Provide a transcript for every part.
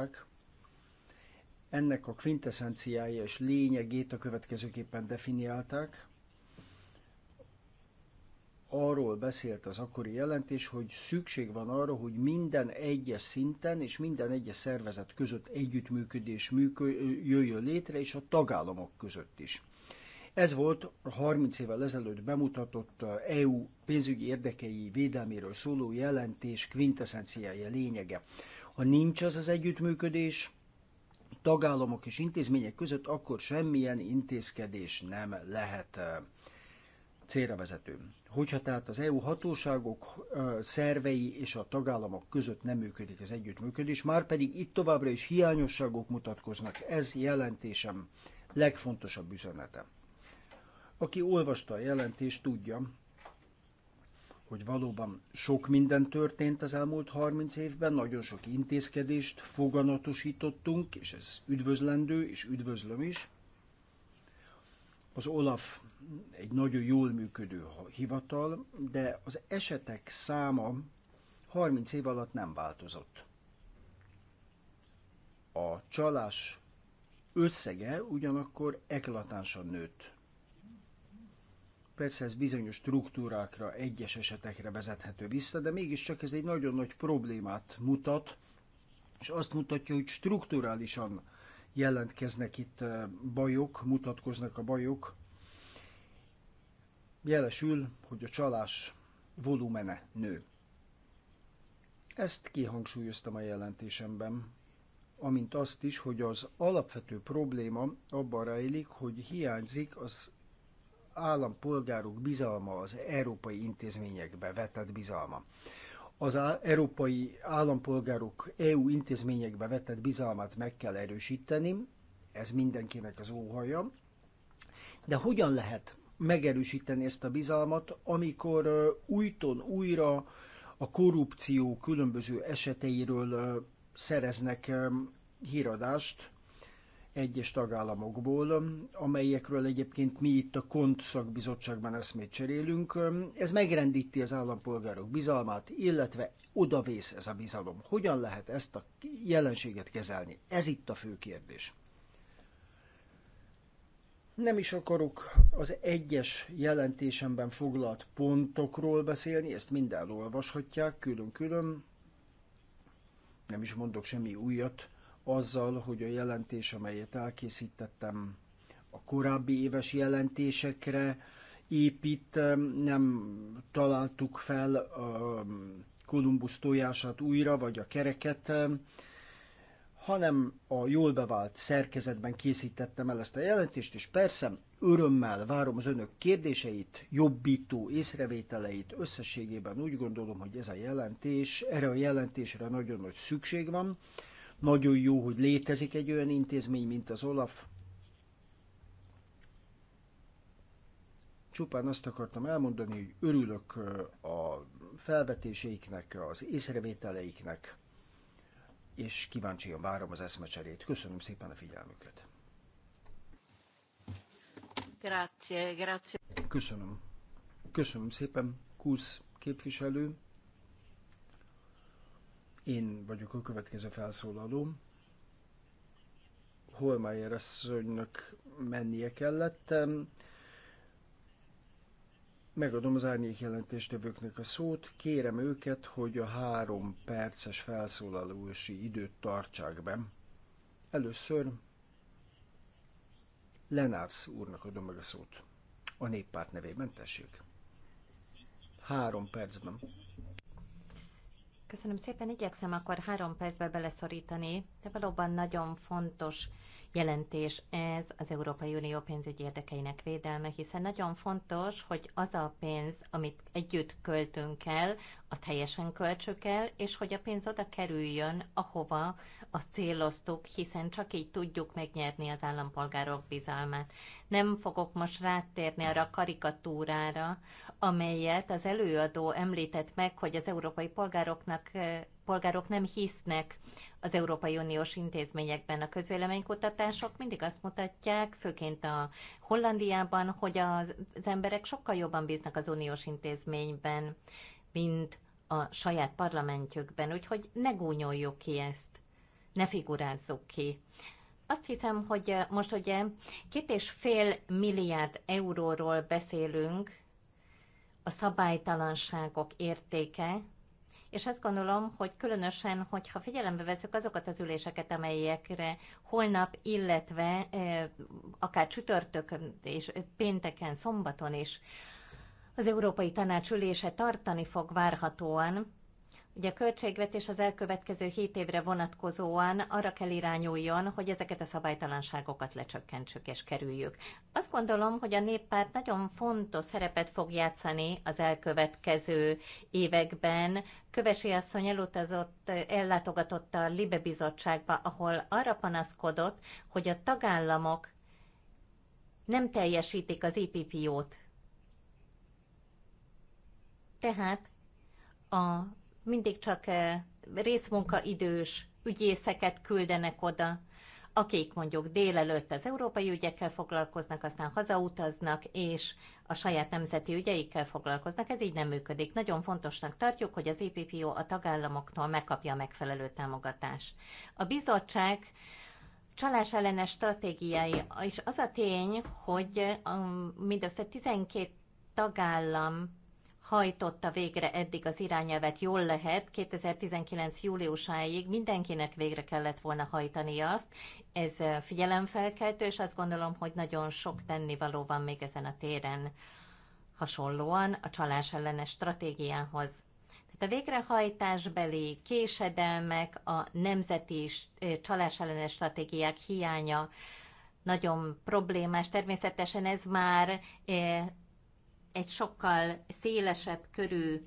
mondták, ennek a kvinteszenciája és lényegét a következőképpen definiálták. Arról beszélt az akkori jelentés, hogy szükség van arra, hogy minden egyes szinten és minden egyes szervezet között együttműködés működ, jöjjön létre, és a tagállamok között is. Ez volt a 30 évvel ezelőtt bemutatott uh, EU pénzügyi érdekei védelméről szóló jelentés kvinteszenciája lényege. Ha nincs az az együttműködés tagállamok és intézmények között, akkor semmilyen intézkedés nem lehet célra vezető. Hogyha tehát az EU hatóságok, szervei és a tagállamok között nem működik az együttműködés, már pedig itt továbbra is hiányosságok mutatkoznak, ez jelentésem legfontosabb üzenete. Aki olvasta a jelentést, tudja, hogy valóban sok minden történt az elmúlt 30 évben, nagyon sok intézkedést foganatosítottunk, és ez üdvözlendő, és üdvözlöm is. Az OLAF egy nagyon jól működő hivatal, de az esetek száma 30 év alatt nem változott. A csalás összege ugyanakkor eklatánsan nőtt Persze ez bizonyos struktúrákra, egyes esetekre vezethető vissza, de mégiscsak ez egy nagyon nagy problémát mutat, és azt mutatja, hogy strukturálisan jelentkeznek itt bajok, mutatkoznak a bajok. Jelesül, hogy a csalás volumene nő. Ezt kihangsúlyoztam a jelentésemben, amint azt is, hogy az alapvető probléma abban rejlik, hogy hiányzik az állampolgárok bizalma az európai intézményekbe vetett bizalma. Az európai állampolgárok EU intézményekbe vetett bizalmat meg kell erősíteni, ez mindenkinek az óhaja, de hogyan lehet megerősíteni ezt a bizalmat, amikor újton újra a korrupció különböző eseteiről szereznek híradást, egyes tagállamokból, amelyekről egyébként mi itt a KONT szakbizottságban eszmét cserélünk. Ez megrendíti az állampolgárok bizalmát, illetve odavész ez a bizalom. Hogyan lehet ezt a jelenséget kezelni? Ez itt a fő kérdés. Nem is akarok az egyes jelentésemben foglalt pontokról beszélni, ezt mind elolvashatják külön-külön. Nem is mondok semmi újat azzal, hogy a jelentés, amelyet elkészítettem, a korábbi éves jelentésekre épít, nem találtuk fel a Kolumbusz tojását újra, vagy a kereket, hanem a jól bevált szerkezetben készítettem el ezt a jelentést, és persze örömmel várom az önök kérdéseit, jobbító észrevételeit. Összességében úgy gondolom, hogy ez a jelentés, erre a jelentésre nagyon nagy szükség van, nagyon jó, hogy létezik egy olyan intézmény, mint az OLAF. Csupán azt akartam elmondani, hogy örülök a felvetéseiknek, az észrevételeiknek, és kíváncsian várom az eszmecserét. Köszönöm szépen a figyelmüket. Grazie, grazie. Köszönöm. Köszönöm szépen, Kusz képviselő. Én vagyok a következő felszólaló. Holmeyer asszonynak mennie kellettem? Megadom az árnyék jelentéstevőknek a szót, kérem őket, hogy a három perces felszólalósi időt tartsák be. Először Lenársz úrnak adom meg a szót. A néppárt nevében tessék. Három percben. Köszönöm szépen, igyekszem akkor három percbe beleszorítani, de valóban nagyon fontos jelentés ez az Európai Unió pénzügyi érdekeinek védelme, hiszen nagyon fontos, hogy az a pénz, amit együtt költünk el, azt helyesen költsük el, és hogy a pénz oda kerüljön, ahova azt céloztuk, hiszen csak így tudjuk megnyerni az állampolgárok bizalmát. Nem fogok most rátérni arra a karikatúrára, amelyet az előadó említett meg, hogy az európai polgároknak polgárok nem hisznek az Európai Uniós intézményekben. A közvéleménykutatások mindig azt mutatják, főként a Hollandiában, hogy az, emberek sokkal jobban bíznak az uniós intézményben, mint a saját parlamentjükben, úgyhogy ne gúnyoljuk ki ezt, ne figurázzuk ki. Azt hiszem, hogy most ugye két és fél milliárd euróról beszélünk, a szabálytalanságok értéke, és azt gondolom, hogy különösen, hogyha figyelembe veszük azokat az üléseket, amelyekre holnap, illetve eh, akár csütörtökön és pénteken, szombaton is az Európai Tanács ülése tartani fog várhatóan, Ugye a költségvetés az elkövetkező 7 évre vonatkozóan arra kell irányuljon, hogy ezeket a szabálytalanságokat lecsökkentsük és kerüljük. Azt gondolom, hogy a néppárt nagyon fontos szerepet fog játszani az elkövetkező években. Kövesi asszony elutazott, ellátogatott a Libe bizottságba, ahol arra panaszkodott, hogy a tagállamok nem teljesítik az IPPO-t. Tehát a mindig csak eh, részmunkaidős ügyészeket küldenek oda, akik mondjuk délelőtt az európai ügyekkel foglalkoznak, aztán hazautaznak, és a saját nemzeti ügyeikkel foglalkoznak, ez így nem működik. Nagyon fontosnak tartjuk, hogy az EPPO a tagállamoktól megkapja a megfelelő támogatást. A bizottság csalás ellenes stratégiái, és az a tény, hogy um, mindössze 12 tagállam hajtotta végre eddig az irányelvet, jól lehet, 2019. júliusáig mindenkinek végre kellett volna hajtani azt. Ez figyelemfelkeltő, és azt gondolom, hogy nagyon sok tennivaló van még ezen a téren. Hasonlóan a csalás ellenes stratégiához. Tehát a végrehajtásbeli késedelmek, a nemzeti csalás ellenes stratégiák hiánya nagyon problémás. Természetesen ez már egy sokkal szélesebb körű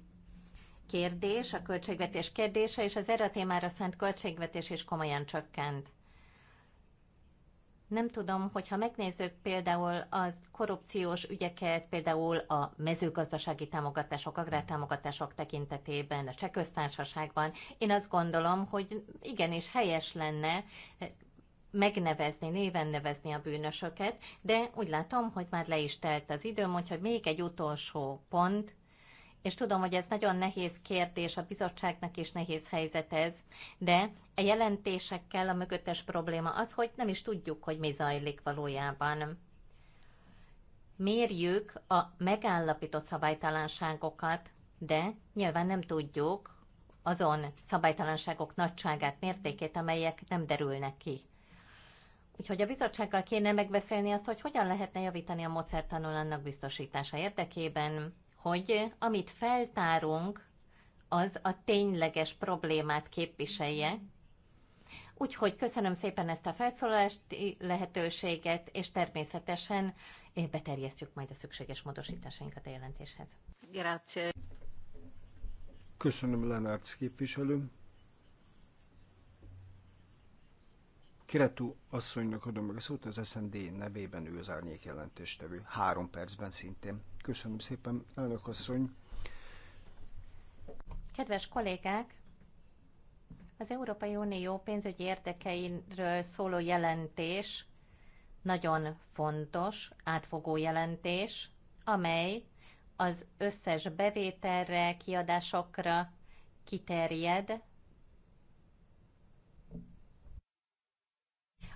kérdés, a költségvetés kérdése, és az erre a témára szent költségvetés is komolyan csökkent. Nem tudom, hogyha megnézzük például az korrupciós ügyeket, például a mezőgazdasági támogatások, agrártámogatások tekintetében, a csekköztársaságban, én azt gondolom, hogy igenis helyes lenne megnevezni, néven nevezni a bűnösöket, de úgy látom, hogy már le is telt az időm, úgyhogy még egy utolsó pont, és tudom, hogy ez nagyon nehéz kérdés, a bizottságnak is nehéz helyzet ez, de a jelentésekkel a mögöttes probléma az, hogy nem is tudjuk, hogy mi zajlik valójában. Mérjük a megállapított szabálytalanságokat, de nyilván nem tudjuk azon szabálytalanságok nagyságát, mértékét, amelyek nem derülnek ki. Úgyhogy a bizottsággal kéne megbeszélni azt, hogy hogyan lehetne javítani a mozertanul annak biztosítása érdekében, hogy amit feltárunk, az a tényleges problémát képviselje. Úgyhogy köszönöm szépen ezt a felszólalási lehetőséget, és természetesen beterjesztjük majd a szükséges módosításainkat a jelentéshez. Grazie. Köszönöm, Lenárc képviselő. Kiretú asszonynak adom meg a szót, az SND nevében ő az árnyék jelentéstevő. Három percben szintén. Köszönöm szépen, elnök asszony. Kedves kollégák, az Európai Unió pénzügyi érdekeiről szóló jelentés nagyon fontos, átfogó jelentés, amely az összes bevételre, kiadásokra kiterjed,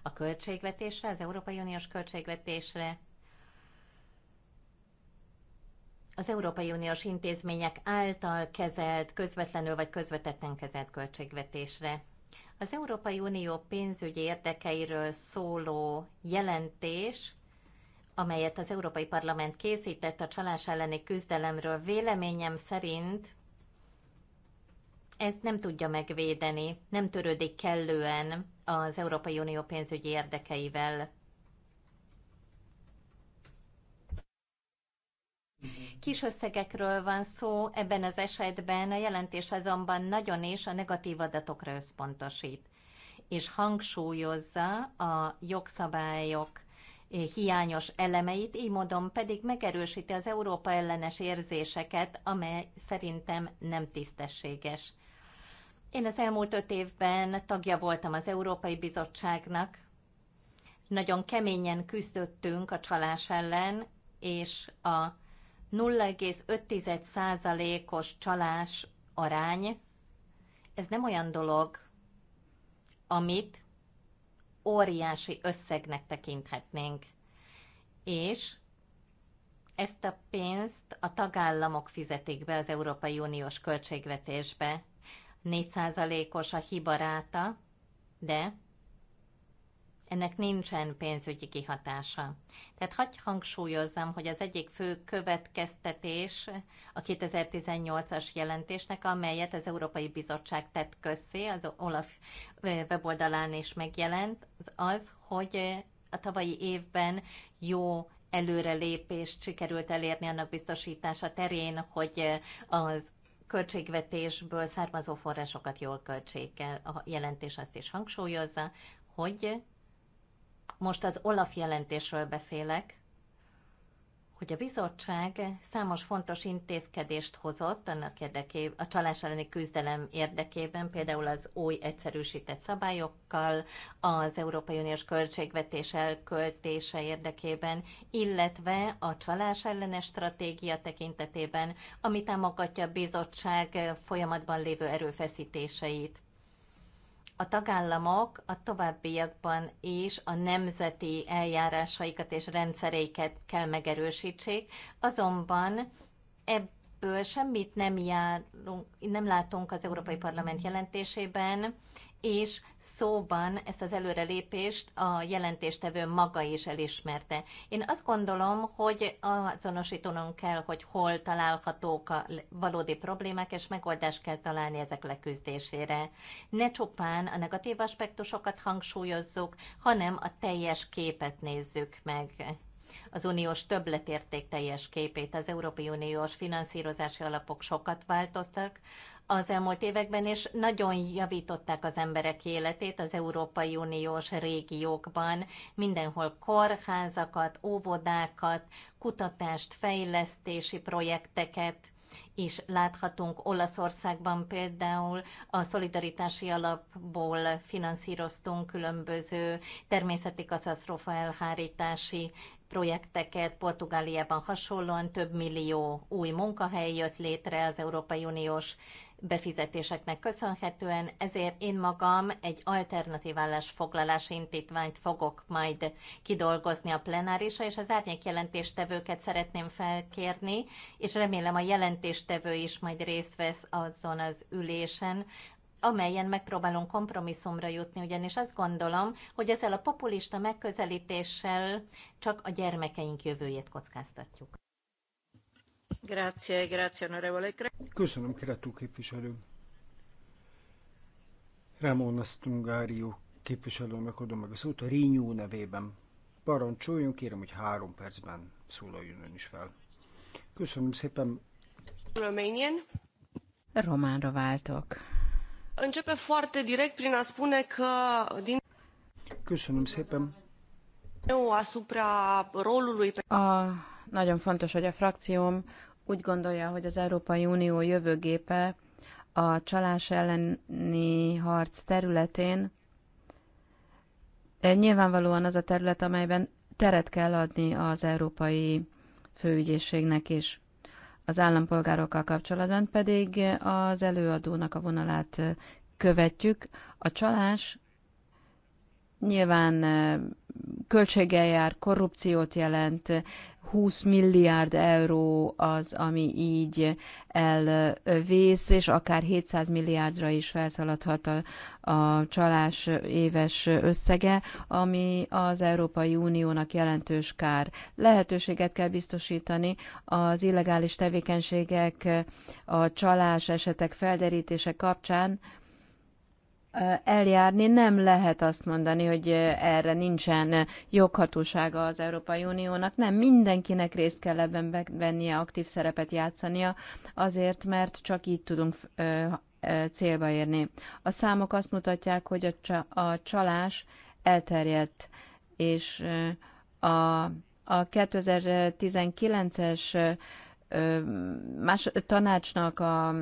a költségvetésre, az Európai Uniós költségvetésre, az Európai Uniós intézmények által kezelt, közvetlenül vagy közvetetten kezelt költségvetésre. Az Európai Unió pénzügyi érdekeiről szóló jelentés, amelyet az Európai Parlament készített a csalás elleni küzdelemről, véleményem szerint ezt nem tudja megvédeni, nem törődik kellően az Európai Unió pénzügyi érdekeivel. Kis összegekről van szó, ebben az esetben a jelentés azonban nagyon is a negatív adatokra összpontosít, és hangsúlyozza a jogszabályok eh, hiányos elemeit, így módon pedig megerősíti az Európa ellenes érzéseket, amely szerintem nem tisztességes. Én az elmúlt öt évben tagja voltam az Európai Bizottságnak. Nagyon keményen küzdöttünk a csalás ellen, és a 0,5%-os csalás arány, ez nem olyan dolog, amit óriási összegnek tekinthetnénk. És ezt a pénzt a tagállamok fizetik be az Európai Uniós költségvetésbe. 4%-os a hibaráta, de ennek nincsen pénzügyi kihatása. Tehát hagyj hangsúlyozzam, hogy az egyik fő következtetés a 2018-as jelentésnek, amelyet az Európai Bizottság tett közzé, az Olaf weboldalán is megjelent, az az, hogy a tavalyi évben jó előrelépést sikerült elérni annak biztosítása terén, hogy az költségvetésből származó forrásokat jól költsék A jelentés azt is hangsúlyozza, hogy most az Olaf jelentésről beszélek, hogy a bizottság számos fontos intézkedést hozott annak érdeké, a csalás elleni küzdelem érdekében, például az új egyszerűsített szabályokkal, az Európai Uniós költségvetés elköltése érdekében, illetve a csalás ellenes stratégia tekintetében, ami támogatja a bizottság folyamatban lévő erőfeszítéseit a tagállamok a továbbiakban is a nemzeti eljárásaikat és rendszereiket kell megerősítsék, azonban ebből semmit nem, járunk, nem látunk az Európai Parlament jelentésében, és szóban ezt az előrelépést a jelentéstevő maga is elismerte. Én azt gondolom, hogy azonosítanunk kell, hogy hol találhatók a valódi problémák, és megoldást kell találni ezek leküzdésére. Ne csupán a negatív aspektusokat hangsúlyozzuk, hanem a teljes képet nézzük meg az uniós többletérték teljes képét. Az Európai Uniós finanszírozási alapok sokat változtak, az elmúlt években, és nagyon javították az emberek életét az Európai Uniós régiókban. Mindenhol kórházakat, óvodákat, kutatást, fejlesztési projekteket is láthatunk. Olaszországban például a szolidaritási alapból finanszíroztunk különböző természeti katasztrófa elhárítási projekteket. Portugáliában hasonlóan több millió új munkahely jött létre az Európai Uniós befizetéseknek köszönhetően, ezért én magam egy alternatív állásfoglalási indítványt fogok majd kidolgozni a plenárisra, és az árnyék jelentéstevőket szeretném felkérni, és remélem a jelentéstevő is majd részt vesz azon az ülésen, amelyen megpróbálunk kompromisszumra jutni, ugyanis azt gondolom, hogy ezzel a populista megközelítéssel csak a gyermekeink jövőjét kockáztatjuk. Grazie, grazie, onorevole. Köszönöm, Kretu képviselő. Ramon Astungárió képviselőnek adom meg a szót a Rinyó nevében. Parancsoljon, kérem, hogy három percben szólaljon ön is fel. Köszönöm szépen. Romanian. Románra váltok. Începe foarte direct prin a spune că din... Köszönöm szépen. A nagyon fontos, hogy a frakcióm úgy gondolja, hogy az Európai Unió jövőgépe a csalás elleni harc területén eh, nyilvánvalóan az a terület, amelyben teret kell adni az Európai Főügyészségnek is. Az állampolgárokkal kapcsolatban pedig az előadónak a vonalát eh, követjük. A csalás nyilván eh, költséggel jár, korrupciót jelent, 20 milliárd euró az, ami így elvész, és akár 700 milliárdra is felszaladhat a, a csalás éves összege, ami az Európai Uniónak jelentős kár. Lehetőséget kell biztosítani az illegális tevékenységek, a csalás esetek felderítése kapcsán, eljárni, nem lehet azt mondani, hogy erre nincsen joghatósága az Európai Uniónak, nem, mindenkinek részt kell ebben vennie, aktív szerepet játszania, azért, mert csak így tudunk célba érni. A számok azt mutatják, hogy a csalás elterjedt, és a, a 2019-es más, tanácsnak a,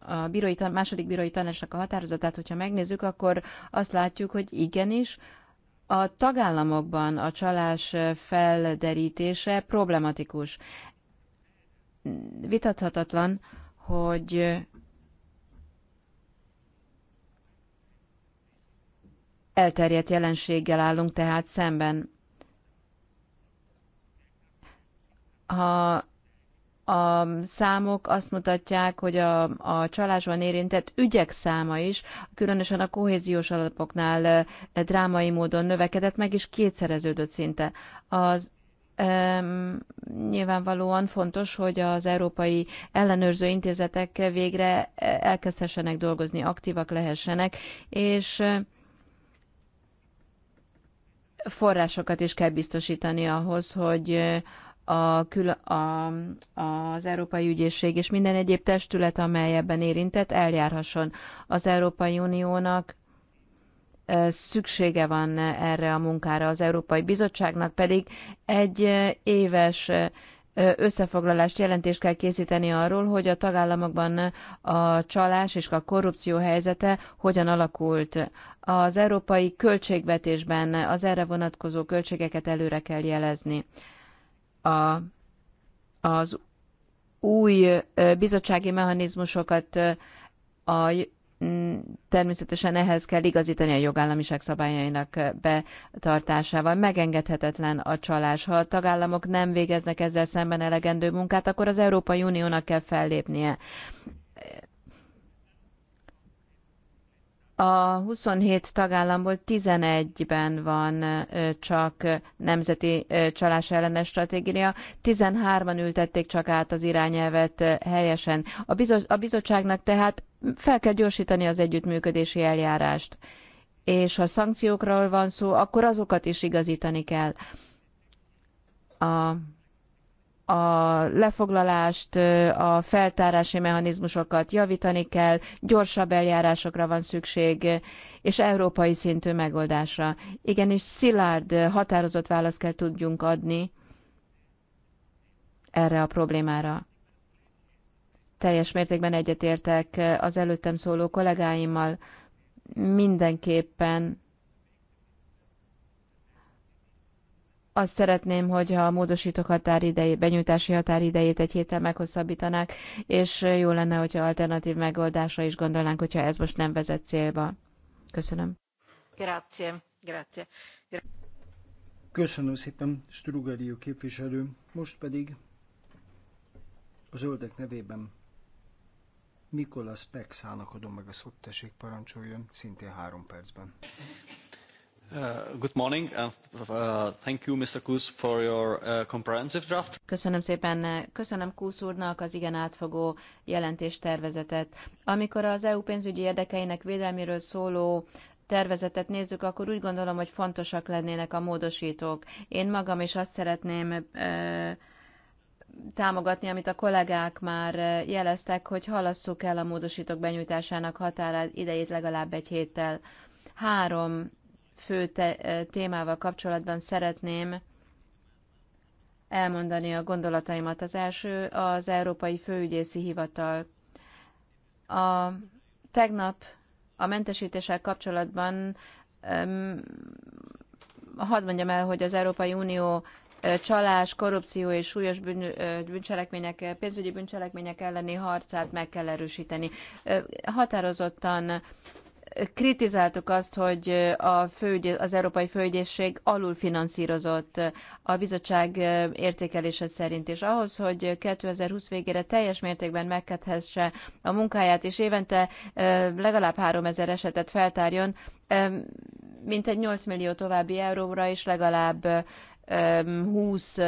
a bírói, második bírói tanácsnak a határozatát, hogyha megnézzük, akkor azt látjuk, hogy igenis, a tagállamokban a csalás felderítése problematikus. Vitathatatlan, hogy elterjedt jelenséggel állunk tehát szemben. Ha a számok azt mutatják, hogy a, a csalásban érintett ügyek száma is, különösen a kohéziós alapoknál eh, drámai módon növekedett, meg is kétszereződött szinte. Az Um, nyilvánvalóan fontos, hogy az európai ellenőrző intézetek végre eh, elkezdhessenek dolgozni, aktívak lehessenek, és eh, forrásokat is kell biztosítani ahhoz, hogy a, a, az Európai Ügyészség és minden egyéb testület, amely ebben érintett, eljárhasson. Az Európai Uniónak szüksége van erre a munkára, az Európai Bizottságnak pedig egy éves összefoglalást, jelentést kell készíteni arról, hogy a tagállamokban a csalás és a korrupció helyzete hogyan alakult. Az európai költségvetésben az erre vonatkozó költségeket előre kell jelezni a, az új bizottsági mechanizmusokat a, természetesen ehhez kell igazítani a jogállamiság szabályainak betartásával. Megengedhetetlen a csalás. Ha a tagállamok nem végeznek ezzel szemben elegendő munkát, akkor az Európai Uniónak kell fellépnie. A 27 tagállamból 11-ben van csak nemzeti csalás ellenes stratégia, 13-an ültették csak át az irányelvet helyesen. A, a bizottságnak tehát fel kell gyorsítani az együttműködési eljárást. És ha szankciókról van szó, akkor azokat is igazítani kell. A a lefoglalást, a feltárási mechanizmusokat javítani kell, gyorsabb eljárásokra van szükség, és európai szintű megoldásra. Igenis szilárd, határozott választ kell tudjunk adni erre a problémára. Teljes mértékben egyetértek az előttem szóló kollégáimmal, mindenképpen azt szeretném, hogyha a módosítók határidejét, benyújtási határidejét egy héttel meghosszabbítanák, és jó lenne, hogyha alternatív megoldásra is gondolnánk, hogyha ez most nem vezet célba. Köszönöm. Grazie, grazie. Grazie. Köszönöm szépen, Strugarió képviselő. Most pedig a zöldek nevében Mikolas Pexának adom meg a szót, tessék parancsoljon, szintén három percben. Uh, good morning, and uh, thank you, Mr. Kuz, for your uh, comprehensive draft. Köszönöm szépen, köszönöm Kuz úrnak az igen átfogó jelentéstervezetet. Amikor az EU pénzügyi érdekeinek védelméről szóló tervezetet nézzük, akkor úgy gondolom, hogy fontosak lennének a módosítók. Én magam is azt szeretném támogatni, amit a kollégák már jeleztek, hogy halasszuk el a módosítók benyújtásának határa idejét legalább egy héttel. Három fő te- témával kapcsolatban szeretném elmondani a gondolataimat. Az első az Európai Főügyészi Hivatal. A tegnap a mentesítéssel kapcsolatban hadd mondjam el, hogy az Európai Unió csalás, korrupció és súlyos bűn, bűncselekmények, pénzügyi bűncselekmények elleni harcát meg kell erősíteni. Határozottan kritizáltuk azt, hogy a főgy, az Európai Főügyészség finanszírozott a bizottság értékelése szerint, és ahhoz, hogy 2020 végére teljes mértékben megkedhesse a munkáját, és évente legalább 3000 esetet feltárjon, mintegy 8 millió további euróra és legalább 20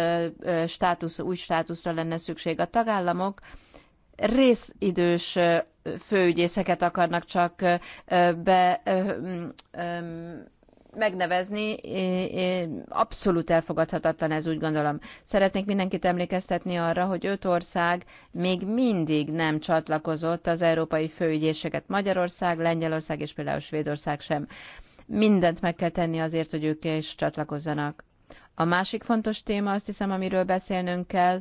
státusz, új státuszra lenne szükség. A tagállamok részidős főügyészeket akarnak csak be megnevezni, abszolút elfogadhatatlan ez, úgy gondolom. Szeretnék mindenkit emlékeztetni arra, hogy öt ország még mindig nem csatlakozott az európai főügyészséget. Magyarország, Lengyelország és például Svédország sem. Mindent meg kell tenni azért, hogy ők is csatlakozzanak. A másik fontos téma, azt hiszem, amiről beszélnünk kell,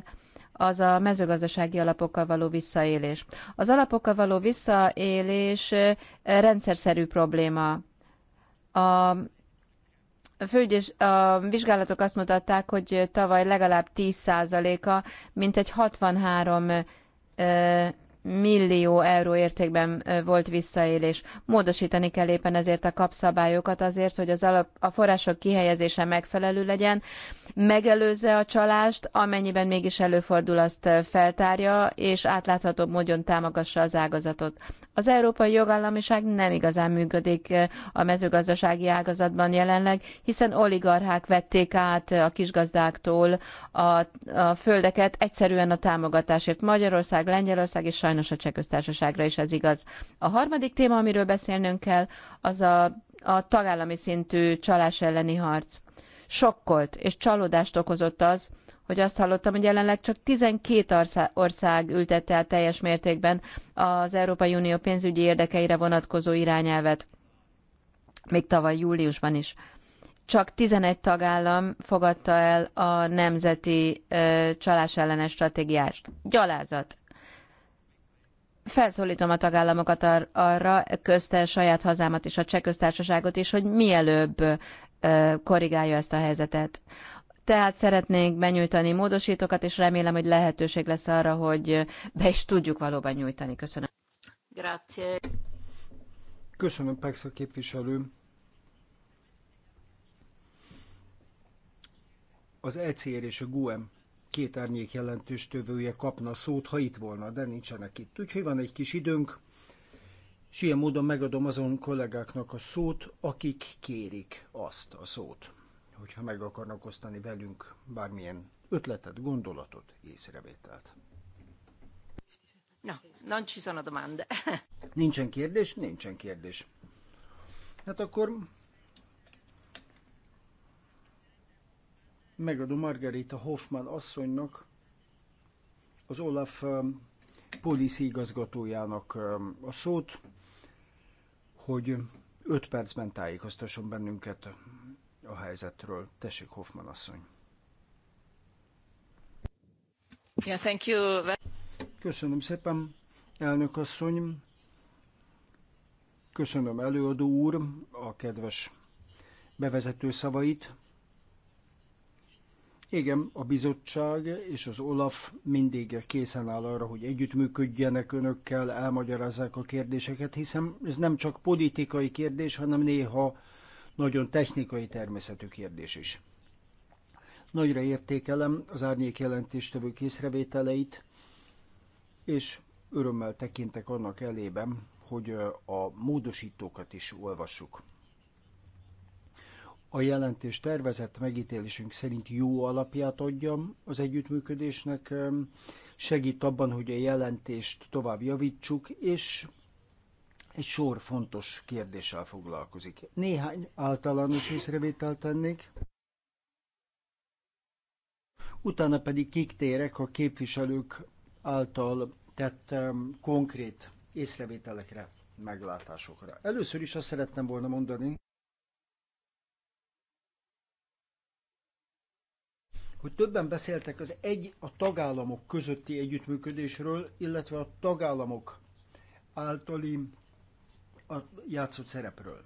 az a mezőgazdasági alapokkal való visszaélés. Az alapokkal való visszaélés rendszerszerű probléma. A főügyes, a vizsgálatok azt mutatták, hogy tavaly legalább 10%-a, mint egy 63 millió euró értékben volt visszaélés. Módosítani kell éppen ezért a kapszabályokat azért, hogy az alap, a források kihelyezése megfelelő legyen, megelőzze a csalást, amennyiben mégis előfordul, azt feltárja, és átláthatóbb módon támogassa az ágazatot. Az európai jogállamiság nem igazán működik a mezőgazdasági ágazatban jelenleg, hiszen oligarchák vették át a kisgazdáktól a, a földeket egyszerűen a támogatásért. Magyarország, Lengyelország és sajnos a Csekköztársaságra is ez igaz. A harmadik téma, amiről beszélnünk kell, az a, a tagállami szintű csalás elleni harc. Sokkolt és csalódást okozott az, hogy azt hallottam, hogy jelenleg csak 12 ország ültette el teljes mértékben az Európai Unió pénzügyi érdekeire vonatkozó irányelvet. Még tavaly júliusban is. Csak 11 tagállam fogadta el a nemzeti ö, csalás ellenes stratégiát. Gyalázat. Felszólítom a tagállamokat ar- arra, közte saját hazámat és a cseh köztársaságot is, hogy mielőbb korrigálja ezt a helyzetet. Tehát szeretnénk benyújtani módosítókat, és remélem, hogy lehetőség lesz arra, hogy be is tudjuk valóban nyújtani. Köszönöm. Grazie. Köszönöm, Pexa képviselő. Az ECR és a GUEM két árnyék jelentős tövője kapna szót, ha itt volna, de nincsenek itt. Úgyhogy van egy kis időnk, és ilyen módon megadom azon kollégáknak a szót, akik kérik azt a szót, hogyha meg akarnak osztani velünk bármilyen ötletet, gondolatot, észrevételt. Na, non ci sono domande. Nincsen kérdés? Nincsen kérdés. Hát akkor megadom Margarita Hoffman asszonynak, az Olaf um, policy igazgatójának um, a szót, hogy öt percben tájékoztasson bennünket a helyzetről. Tessék, Hoffman asszony. Yeah, thank you. Köszönöm szépen, elnök asszony. Köszönöm előadó úr a kedves bevezető szavait. Igen, a bizottság és az OLAF mindig készen áll arra, hogy együttműködjenek önökkel, elmagyarázzák a kérdéseket, hiszen ez nem csak politikai kérdés, hanem néha nagyon technikai természetű kérdés is. Nagyra értékelem az árnyék jelentéstevő észrevételeit, és örömmel tekintek annak elében, hogy a módosítókat is olvassuk a jelentés tervezett megítélésünk szerint jó alapját adja az együttműködésnek, segít abban, hogy a jelentést tovább javítsuk, és egy sor fontos kérdéssel foglalkozik. Néhány általános észrevételt tennék, utána pedig kiktérek a képviselők által tett um, konkrét észrevételekre, meglátásokra. Először is azt szeretném volna mondani, hogy többen beszéltek az egy a tagállamok közötti együttműködésről, illetve a tagállamok általi a játszott szerepről.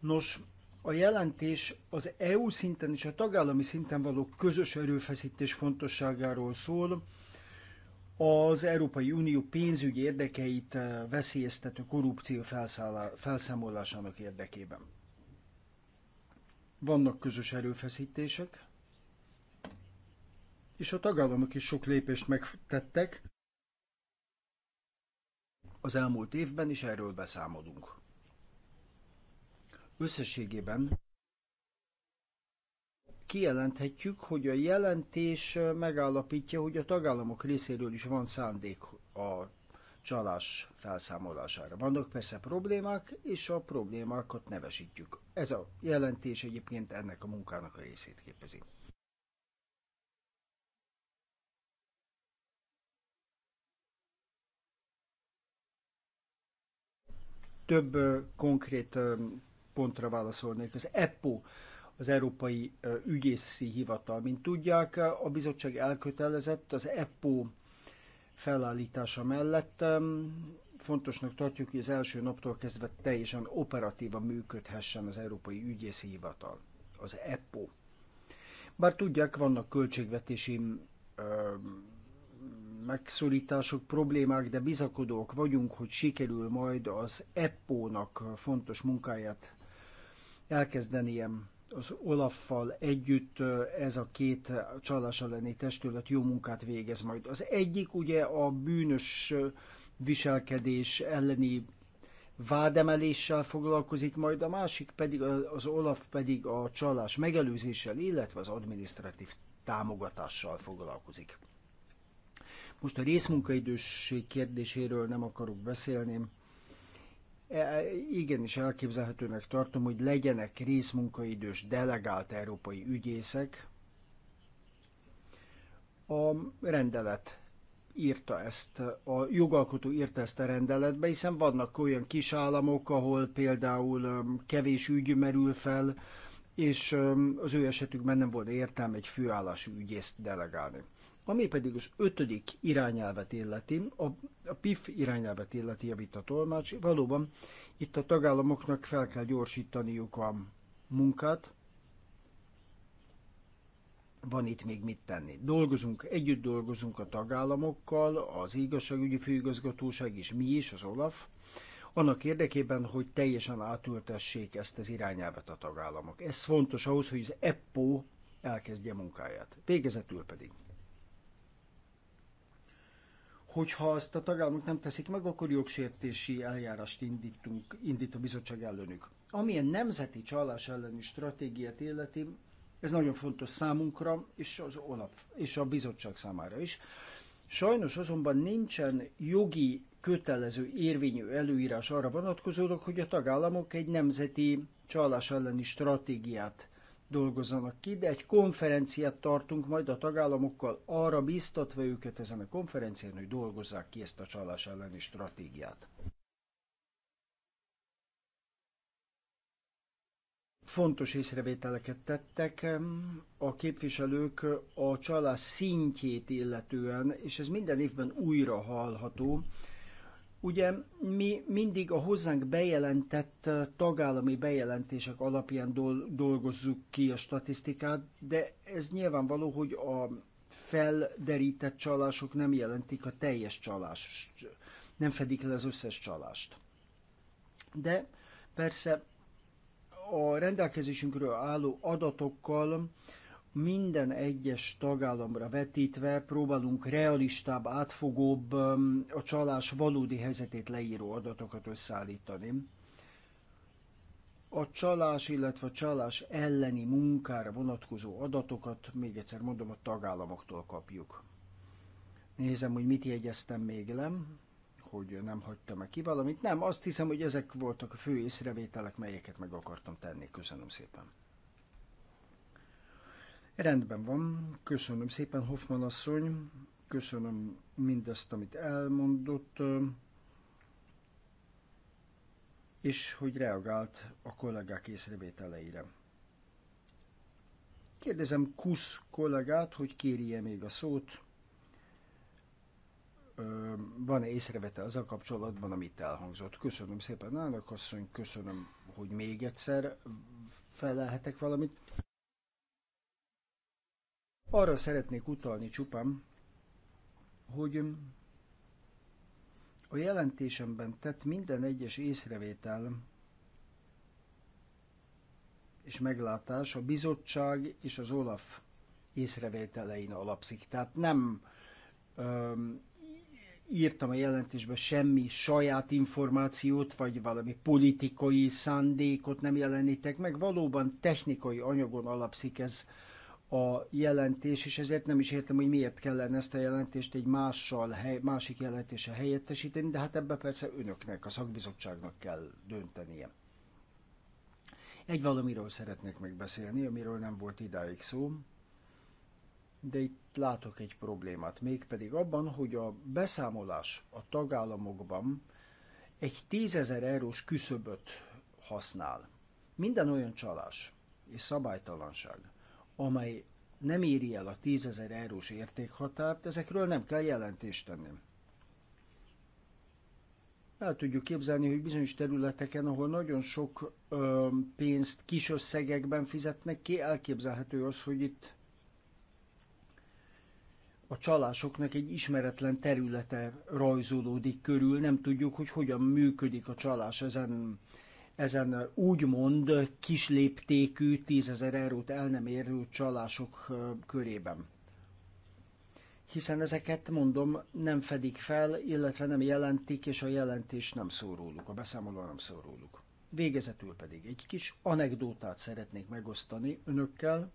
Nos, a jelentés az EU szinten és a tagállami szinten való közös erőfeszítés fontosságáról szól, az Európai Unió pénzügyi érdekeit eh, veszélyeztető korrupció felszámolásának érdekében. Vannak közös erőfeszítések, és a tagállamok is sok lépést megtettek az elmúlt évben, is erről beszámolunk. Összességében kijelenthetjük, hogy a jelentés megállapítja, hogy a tagállamok részéről is van szándék a csalás felszámolására. Vannak persze problémák, és a problémákat nevesítjük. Ez a jelentés egyébként ennek a munkának a részét képezi. több konkrét pontra válaszolnék. Az EPO az Európai Ügyészi Hivatal. Mint tudják, a bizottság elkötelezett az EPO felállítása mellett. Fontosnak tartjuk, hogy az első naptól kezdve teljesen operatívan működhessen az Európai Ügyészi Hivatal, az EPO. Bár tudják, vannak költségvetési megszorítások problémák, de bizakodók vagyunk, hogy sikerül majd az EPPO-nak fontos munkáját elkezdeniem az Olaffal együtt ez a két csalás elleni testület jó munkát végez majd. Az egyik ugye a bűnös viselkedés elleni vádemeléssel foglalkozik, majd a másik pedig, az Olaf pedig a csalás megelőzéssel, illetve az administratív támogatással foglalkozik. Most a részmunkaidőség kérdéséről nem akarok beszélni. E, igenis elképzelhetőnek tartom, hogy legyenek részmunkaidős delegált európai ügyészek. A rendelet írta ezt, a jogalkotó írta ezt a rendeletbe, hiszen vannak olyan kis államok, ahol például um, kevés ügy merül fel, és um, az ő esetükben nem volt értelme egy főállású ügyészt delegálni. Ami pedig az ötödik irányelvet illeti, a, a PIF irányelvet illeti, javít a tolmács, valóban itt a tagállamoknak fel kell gyorsítaniuk a munkát, van itt még mit tenni. Dolgozunk, együtt dolgozunk a tagállamokkal, az igazságügyi főigazgatóság is, mi is, az OLAF, annak érdekében, hogy teljesen átültessék ezt az irányelvet a tagállamok. Ez fontos ahhoz, hogy az EPPO elkezdje munkáját. Végezetül pedig Hogyha azt a tagállamok nem teszik meg, akkor jogsértési eljárást indítunk, indít a bizottság ellenük. Amilyen nemzeti csalás elleni stratégiát illeti, ez nagyon fontos számunkra, és az OLAF, és a bizottság számára is. Sajnos azonban nincsen jogi kötelező érvényű előírás arra vonatkozólag, hogy a tagállamok egy nemzeti csalás elleni stratégiát dolgozzanak ki, de egy konferenciát tartunk majd a tagállamokkal, arra biztatva őket ezen a konferencián, hogy dolgozzák ki ezt a csalás elleni stratégiát. Fontos észrevételeket tettek a képviselők a csalás szintjét illetően, és ez minden évben újra hallható, Ugye mi mindig a hozzánk bejelentett tagállami bejelentések alapján dolgozzuk ki a statisztikát, de ez nyilvánvaló, hogy a felderített csalások nem jelentik a teljes csalást, nem fedik le az összes csalást. De persze a rendelkezésünkről álló adatokkal minden egyes tagállamra vetítve próbálunk realistább, átfogóbb, a csalás valódi helyzetét leíró adatokat összeállítani. A csalás, illetve a csalás elleni munkára vonatkozó adatokat, még egyszer mondom, a tagállamoktól kapjuk. Nézem, hogy mit jegyeztem még nem, hogy nem hagytam-e ki valamit. Nem, azt hiszem, hogy ezek voltak a fő észrevételek, melyeket meg akartam tenni. Köszönöm szépen. Rendben van, köszönöm szépen Hoffman asszony, köszönöm mindazt, amit elmondott, és hogy reagált a kollégák észrevételeire. Kérdezem Kusz kollégát, hogy kérje még a szót. Van-e észrevete az a kapcsolatban, amit elhangzott? Köszönöm szépen, Állnak asszony, köszönöm, hogy még egyszer felelhetek valamit. Arra szeretnék utalni csupán, hogy a jelentésemben tett minden egyes észrevétel és meglátás a bizottság és az OLAF észrevételein alapszik. Tehát nem öm, írtam a jelentésbe semmi saját információt, vagy valami politikai szándékot nem jelenítek meg, valóban technikai anyagon alapszik ez a jelentés, és ezért nem is értem, hogy miért kellene ezt a jelentést egy mással, hely, másik jelentése helyettesíteni, de hát ebbe persze önöknek, a szakbizottságnak kell döntenie. Egy valamiről szeretnék még beszélni, amiről nem volt idáig szó, de itt látok egy problémát, mégpedig abban, hogy a beszámolás a tagállamokban egy tízezer eurós küszöböt használ. Minden olyan csalás és szabálytalanság, amely nem éri el a 10.000 eurós értékhatárt, ezekről nem kell jelentést tenni. El tudjuk képzelni, hogy bizonyos területeken, ahol nagyon sok ö, pénzt kis összegekben fizetnek ki, elképzelhető az, hogy itt a csalásoknak egy ismeretlen területe rajzolódik körül, nem tudjuk, hogy hogyan működik a csalás ezen ezen úgymond kisléptékű tízezer ezer eurót el nem érő csalások körében. Hiszen ezeket, mondom, nem fedik fel, illetve nem jelentik, és a jelentés nem róluk, a beszámoló nem róluk. Végezetül pedig egy kis anekdótát szeretnék megosztani önökkel,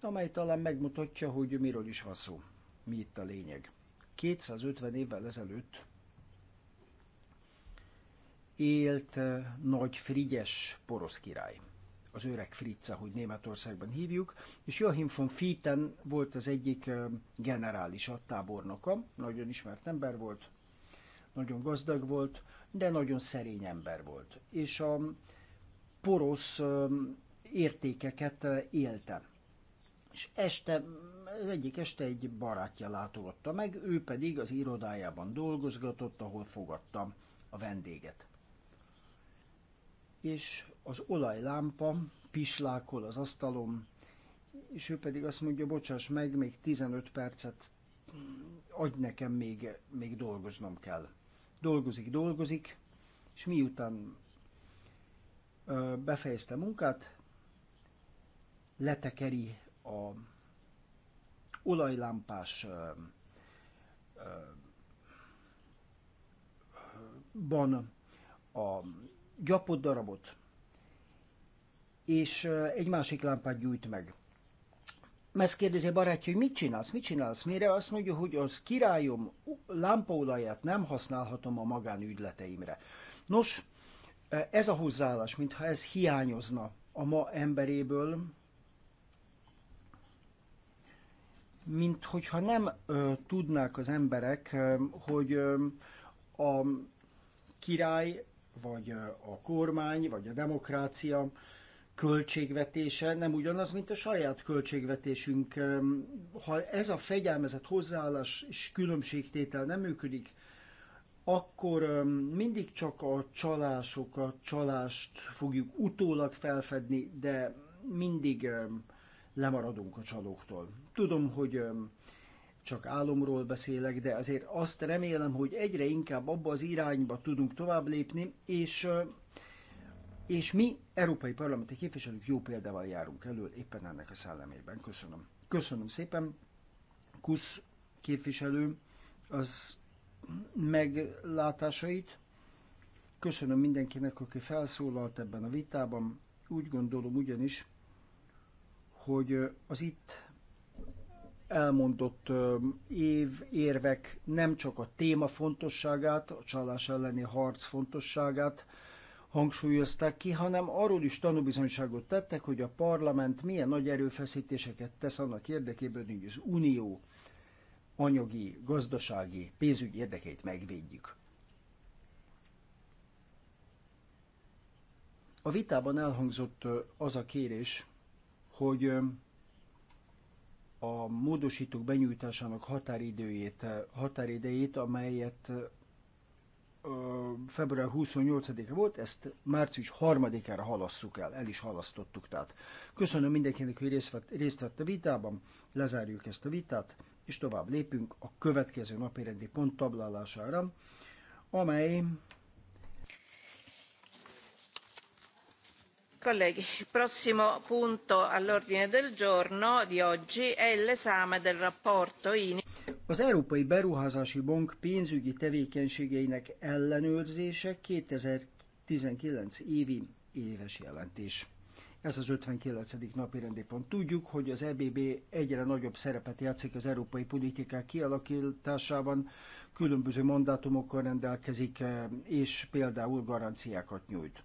amely talán megmutatja, hogy miről is van szó, mi itt a lényeg. 250 évvel ezelőtt élt nagy Frigyes porosz király az öreg Fritza, hogy Németországban hívjuk, és Joachim von Fieten volt az egyik generális a tábornoka, nagyon ismert ember volt, nagyon gazdag volt, de nagyon szerény ember volt. És a porosz értékeket élte. És este, az egyik este egy barátja látogatta meg, ő pedig az irodájában dolgozgatott, ahol fogadta a vendéget és az olajlámpa pislákol az asztalom, és ő pedig azt mondja, bocsáss meg, még 15 percet adj nekem, még, még dolgoznom kell. Dolgozik, dolgozik, és miután ö, befejezte munkát, letekeri a olajlámpás ö, ö, ban a gyapott darabot, és egy másik lámpát gyújt meg. Mert kérdezi a barátja, hogy mit csinálsz, mit csinálsz, mire? Azt mondja, hogy az királyom lámpaolaját nem használhatom a magánügyleteimre. Nos, ez a hozzáállás, mintha ez hiányozna a ma emberéből, mint hogyha nem ö, tudnák az emberek, ö, hogy ö, a király vagy a kormány, vagy a demokrácia költségvetése nem ugyanaz, mint a saját költségvetésünk. Ha ez a fegyelmezett hozzáállás és különbségtétel nem működik, akkor mindig csak a csalásokat, csalást fogjuk utólag felfedni, de mindig lemaradunk a csalóktól. Tudom, hogy csak álomról beszélek, de azért azt remélem, hogy egyre inkább abba az irányba tudunk tovább lépni, és, és mi, európai parlamenti képviselők jó példával járunk elő éppen ennek a szellemében. Köszönöm. Köszönöm szépen. Kusz képviselő az meglátásait. Köszönöm mindenkinek, aki felszólalt ebben a vitában. Úgy gondolom ugyanis, hogy az itt elmondott év, érvek nem csak a téma fontosságát, a csalás elleni harc fontosságát hangsúlyozták ki, hanem arról is tanúbizonyságot tettek, hogy a parlament milyen nagy erőfeszítéseket tesz annak érdekében, hogy az unió anyagi, gazdasági, pénzügyi érdekeit megvédjük. A vitában elhangzott az a kérés, hogy a módosítók benyújtásának határidőjét, határidejét, amelyet február 28-a volt, ezt március 3-ára halasszuk el, el is halasztottuk. Tehát köszönöm mindenkinek, hogy részt vett, részt vett a vitában, lezárjuk ezt a vitát, és tovább lépünk a következő napirendi pont tablálására, amely Colleghi, il prossimo punto all'ordine del giorno di oggi è l'esame del rapporto Az Európai Beruházási Bank pénzügyi tevékenységeinek ellenőrzése 2019 évi éves jelentés. Ez az 59. napi rendi pont. Tudjuk, hogy az EBB egyre nagyobb szerepet játszik az európai politikák kialakításában, különböző mandátumokkal rendelkezik, eh, és például garanciákat nyújt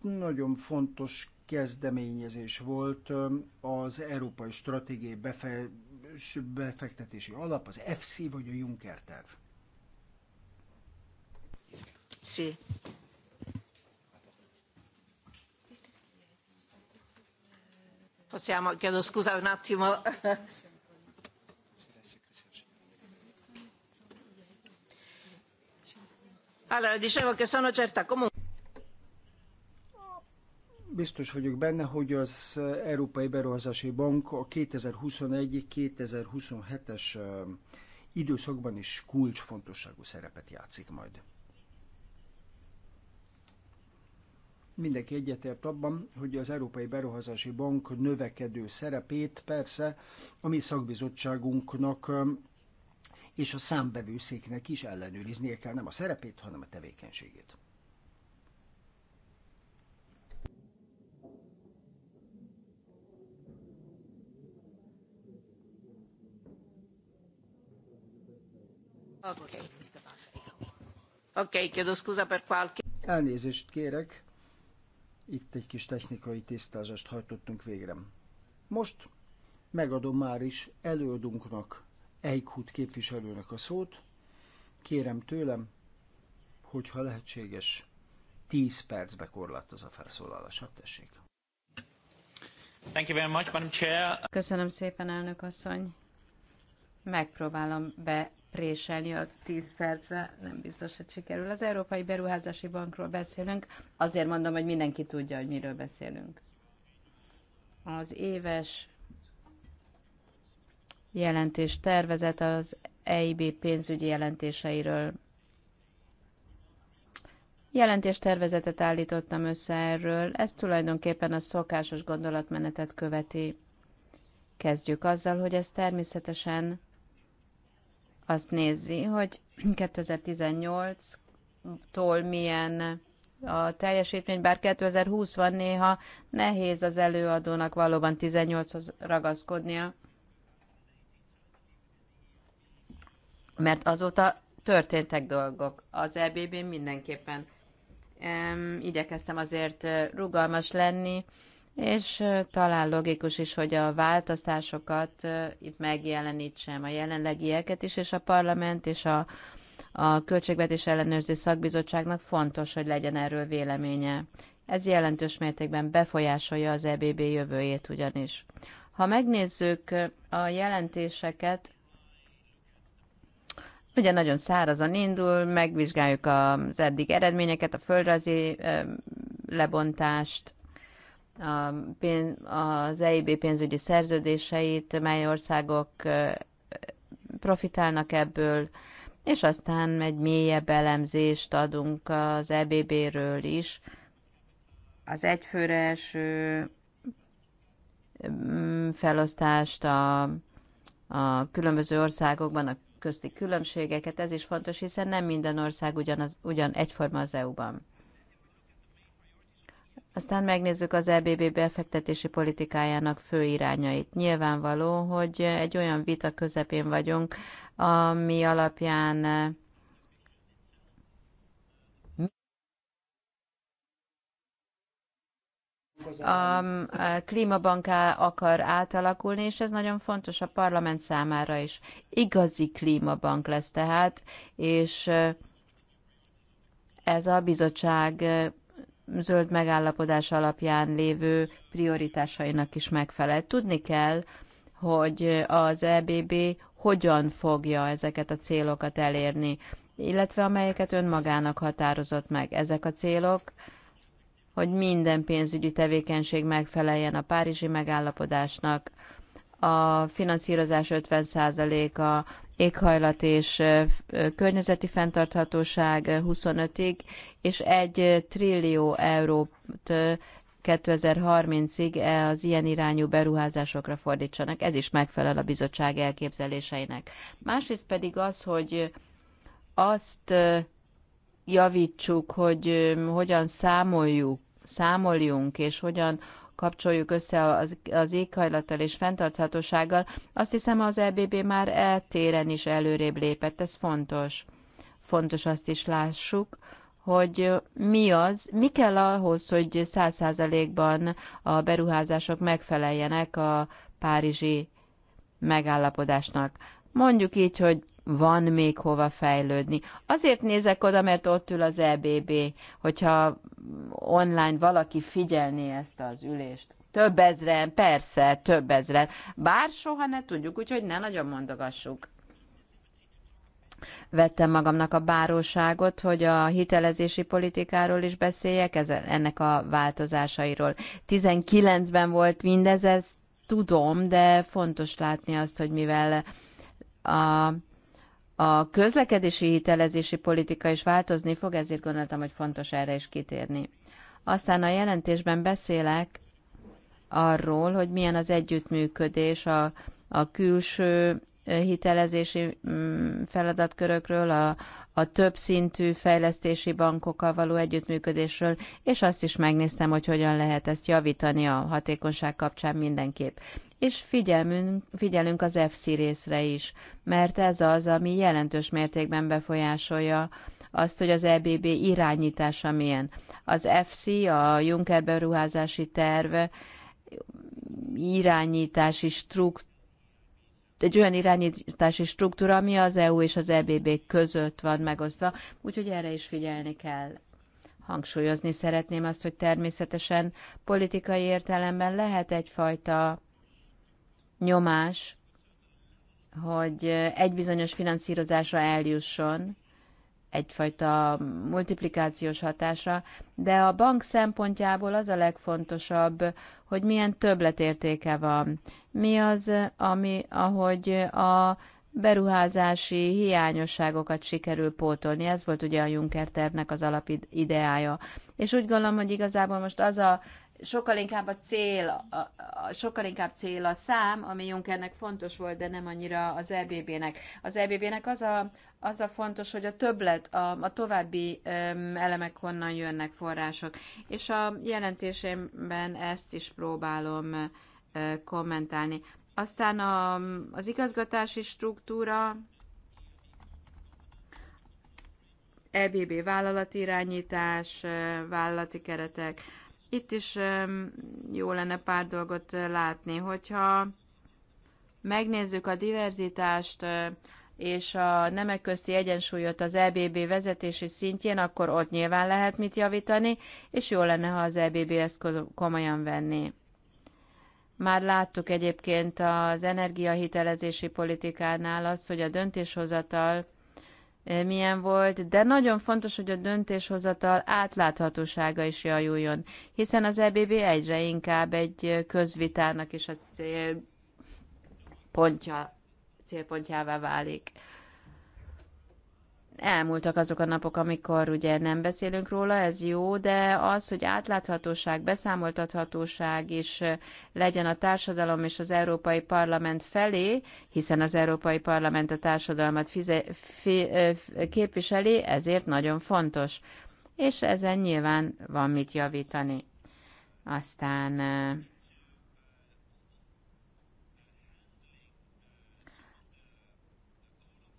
nagyon fontos kezdeményezés volt az Európai Stratégiai Befe Befektetési Alap, az FC vagy a Juncker terv. Sí. Possiamo, chiedo scusa un attimo. Allora, dicevo che sono certa comunque biztos vagyok benne, hogy az Európai Beruházási Bank a 2021-2027-es időszakban is kulcsfontosságú szerepet játszik majd. Mindenki egyetért abban, hogy az Európai Beruházási Bank növekedő szerepét persze a mi szakbizottságunknak és a számbevőszéknek is ellenőriznie kell, nem a szerepét, hanem a tevékenységét. Elnézést kérek, itt egy kis technikai tisztázást hajtottunk végre. Most megadom már is előadunknak, Eichhut képviselőnek a szót. Kérem tőlem, hogyha lehetséges, 10 percbe korlátozza a felszólalását, tessék. Thank you very much, Madam Chair. Köszönöm szépen, elnök asszony. Megpróbálom be préselni a 10 percbe, nem biztos, hogy sikerül. Az Európai Beruházási Bankról beszélünk, azért mondom, hogy mindenki tudja, hogy miről beszélünk. Az éves jelentés tervezet az EIB pénzügyi jelentéseiről. jelentés tervezetet állítottam össze erről, ez tulajdonképpen a szokásos gondolatmenetet követi. Kezdjük azzal, hogy ez természetesen azt nézi, hogy 2018-tól milyen a teljesítmény, bár 2020 van néha, nehéz az előadónak valóban 18-hoz ragaszkodnia, mert azóta történtek dolgok. Az ebb mindenképpen um, igyekeztem azért eh, rugalmas lenni, és talán logikus is, hogy a változtásokat megjelenítsem a jelenlegieket is, és a parlament és a, a Költségvetés Ellenőrző Szakbizottságnak fontos, hogy legyen erről véleménye. Ez jelentős mértékben befolyásolja az EBB jövőjét ugyanis. Ha megnézzük a jelentéseket, ugye nagyon szárazan indul, megvizsgáljuk az eddig eredményeket, a földrajzi lebontást, a pénz, az EIB pénzügyi szerződéseit, mely országok profitálnak ebből, és aztán egy mélyebb elemzést adunk az EBB-ről is. Az egyfőre első felosztást a, a különböző országokban, a közti különbségeket, ez is fontos, hiszen nem minden ország ugyanaz, ugyan egyforma az EU-ban. Aztán megnézzük az EBB befektetési politikájának fő irányait. Nyilvánvaló, hogy egy olyan vita közepén vagyunk, ami alapján um, a klímabanká akar átalakulni, és ez nagyon fontos a parlament számára is. Igazi klímabank lesz tehát, és ez a bizottság zöld megállapodás alapján lévő prioritásainak is megfelel. Tudni kell, hogy az EBB hogyan fogja ezeket a célokat elérni, illetve amelyeket önmagának határozott meg. Ezek a célok, hogy minden pénzügyi tevékenység megfeleljen a Párizsi megállapodásnak, a finanszírozás 50%-a éghajlat és környezeti fenntarthatóság 25-ig, és egy trillió eurót 2030-ig e, az ilyen irányú beruházásokra fordítsanak. Ez is megfelel a bizottság elképzeléseinek. Másrészt pedig az, hogy azt javítsuk, hogy hogyan számoljuk, számoljunk, és hogyan kapcsoljuk össze az, az éghajlattal és fenntarthatósággal, azt hiszem az EBB már eltéren is előrébb lépett, ez fontos. Fontos azt is lássuk, hogy mi az, mi kell ahhoz, hogy száz százalékban a beruházások megfeleljenek a párizsi megállapodásnak. Mondjuk így, hogy van még hova fejlődni. Azért nézek oda, mert ott ül az EBB, hogyha online valaki figyelné ezt az ülést. Több ezren, persze, több ezren. Bár soha ne tudjuk, úgyhogy ne nagyon mondogassuk. Vettem magamnak a báróságot, hogy a hitelezési politikáról is beszéljek, ez, ennek a változásairól. 19-ben volt mindez, ez tudom, de fontos látni azt, hogy mivel a a közlekedési hitelezési politika is változni fog, ezért gondoltam, hogy fontos erre is kitérni. Aztán a jelentésben beszélek arról, hogy milyen az együttműködés a, a külső hitelezési mm, feladatkörökről, a, a többszintű fejlesztési bankokkal való együttműködésről, és azt is megnéztem, hogy hogyan lehet ezt javítani a hatékonyság kapcsán mindenképp és figyelmünk, figyelünk az FC részre is, mert ez az, ami jelentős mértékben befolyásolja azt, hogy az EBB irányítása milyen. Az FC, a Juncker beruházási terv irányítási struktúra, egy olyan irányítási struktúra, ami az EU és az EBB között van megosztva, úgyhogy erre is figyelni kell. Hangsúlyozni szeretném azt, hogy természetesen politikai értelemben lehet egyfajta nyomás, hogy egy bizonyos finanszírozásra eljusson, egyfajta multiplikációs hatásra, de a bank szempontjából az a legfontosabb, hogy milyen többletértéke van. Mi az, ami, ahogy a beruházási hiányosságokat sikerül pótolni. Ez volt ugye a Juncker tervnek az alapideája. És úgy gondolom, hogy igazából most az a sokkal inkább a cél, a, a, sokkal inkább cél a szám, ami Junkernek fontos volt, de nem annyira az EBB-nek. Az EBB-nek az a, az a fontos, hogy a többlet, a, a további öm, elemek honnan jönnek források. És a jelentésemben ezt is próbálom ö, kommentálni. Aztán a, az igazgatási struktúra, EBB vállalatirányítás, vállalati keretek, itt is jó lenne pár dolgot eh, látni, hogyha megnézzük a diverzitást eh, és a nemek közti egyensúlyot az EBB vezetési szintjén, akkor ott nyilván lehet mit javítani, és jó lenne, ha az EBB ezt komolyan venni. Már láttuk egyébként az energiahitelezési politikánál azt, hogy a döntéshozatal milyen volt, de nagyon fontos, hogy a döntéshozatal átláthatósága is javuljon, hiszen az EBB egyre inkább egy közvitának is a cél pontja, célpontjává válik elmúltak azok a napok, amikor ugye nem beszélünk róla, ez jó, de az, hogy átláthatóság, beszámoltathatóság is legyen a társadalom és az Európai Parlament felé, hiszen az Európai Parlament a társadalmat fize, fi, képviseli, ezért nagyon fontos. És ezen nyilván van mit javítani. Aztán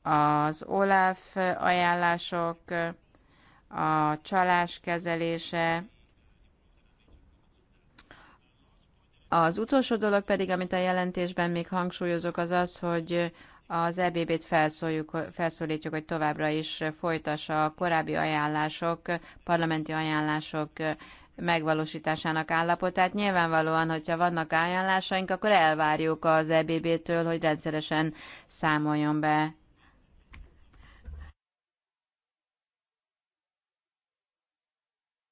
az OLAF ajánlások, a csalás kezelése, Az utolsó dolog pedig, amit a jelentésben még hangsúlyozok, az az, hogy az EBB-t felszólítjuk, hogy továbbra is folytassa a korábbi ajánlások, parlamenti ajánlások megvalósításának állapotát. Nyilvánvalóan, hogyha vannak ajánlásaink, akkor elvárjuk az EBB-től, hogy rendszeresen számoljon be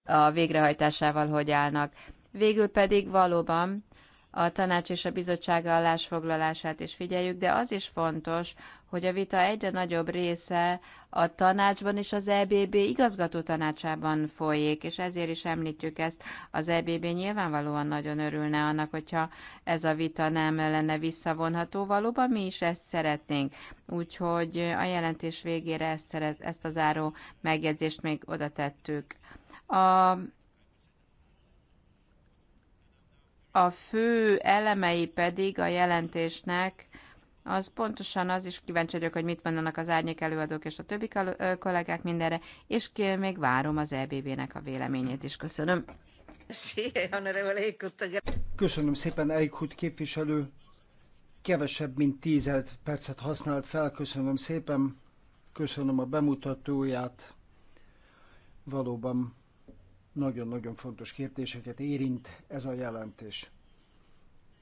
a végrehajtásával hogy állnak. Végül pedig valóban a tanács és a bizottság állásfoglalását is figyeljük, de az is fontos, hogy a vita egyre nagyobb része a tanácsban és az EBB igazgató tanácsában folyik, és ezért is említjük ezt. Az EBB nyilvánvalóan nagyon örülne annak, hogyha ez a vita nem lenne visszavonható. Valóban mi is ezt szeretnénk. Úgyhogy a jelentés végére ezt, szeret, ezt az áró megjegyzést még oda tettük. A a fő elemei pedig a jelentésnek, az pontosan az is kíváncsi vagyok, hogy mit mondanak az árnyék előadók és a többi kollégák mindenre, és kér, még várom az ebv nek a véleményét is. Köszönöm. Köszönöm szépen, Eichhut képviselő. Kevesebb, mint tíz percet használt fel. Köszönöm szépen. Köszönöm a bemutatóját. Valóban nagyon-nagyon fontos kérdéseket érint ez a jelentés.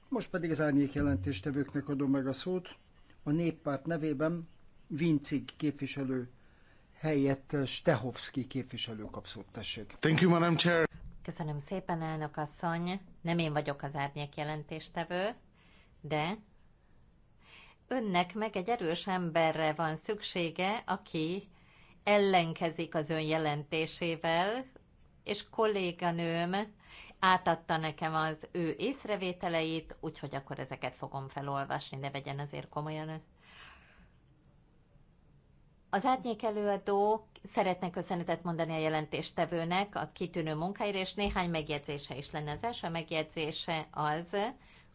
Most pedig az árnyék jelentéstevőknek adom meg a szót. A néppárt nevében Vincig képviselő helyett Stehovski képviselő kap szót, tessék. Thank you, Madam Chair. Köszönöm szépen, elnök asszony. Nem én vagyok az árnyék jelentéstevő, de önnek meg egy erős emberre van szüksége, aki ellenkezik az ön jelentésével, és kolléganőm átadta nekem az ő észrevételeit, úgyhogy akkor ezeket fogom felolvasni, de vegyen azért komolyan. Az átnyék előadók szeretnek köszönetet mondani a jelentéstevőnek a kitűnő munkáért, és néhány megjegyzése is lenne. Az első megjegyzése az,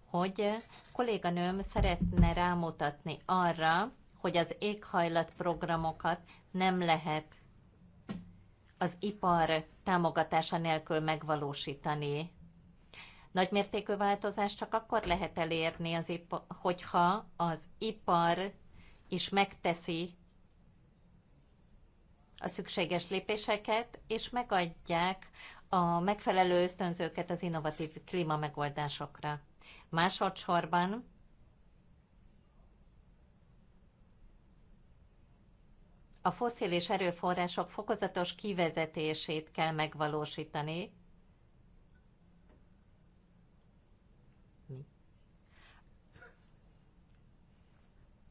hogy kolléganőm szeretne rámutatni arra, hogy az éghajlatprogramokat nem lehet az ipar támogatása nélkül megvalósítani. Nagymértékű változást csak akkor lehet elérni, az ipa, hogyha az ipar is megteszi a szükséges lépéseket, és megadják a megfelelő ösztönzőket az innovatív klímamegoldásokra. Másodszorban a foszilis erőforrások fokozatos kivezetését kell megvalósítani.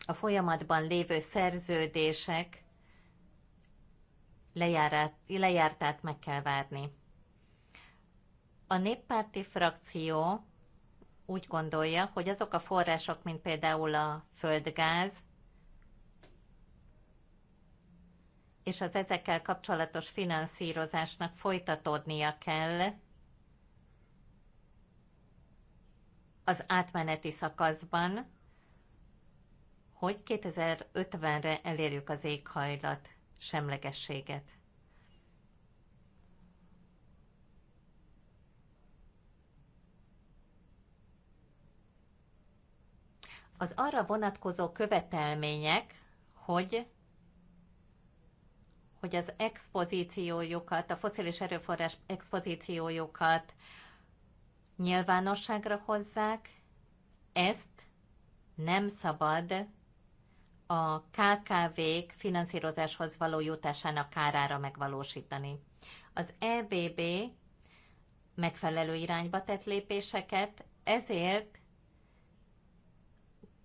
A folyamatban lévő szerződések lejárát, lejártát meg kell várni. A néppárti frakció úgy gondolja, hogy azok a források, mint például a földgáz, és az ezekkel kapcsolatos finanszírozásnak folytatódnia kell az átmeneti szakaszban, hogy 2050-re elérjük az éghajlat semlegességet. Az arra vonatkozó követelmények, hogy hogy az expozíciójukat, a foszilis erőforrás expozíciójukat nyilvánosságra hozzák, ezt nem szabad a KKV-k finanszírozáshoz való jutásának kárára megvalósítani. Az EBB megfelelő irányba tett lépéseket, ezért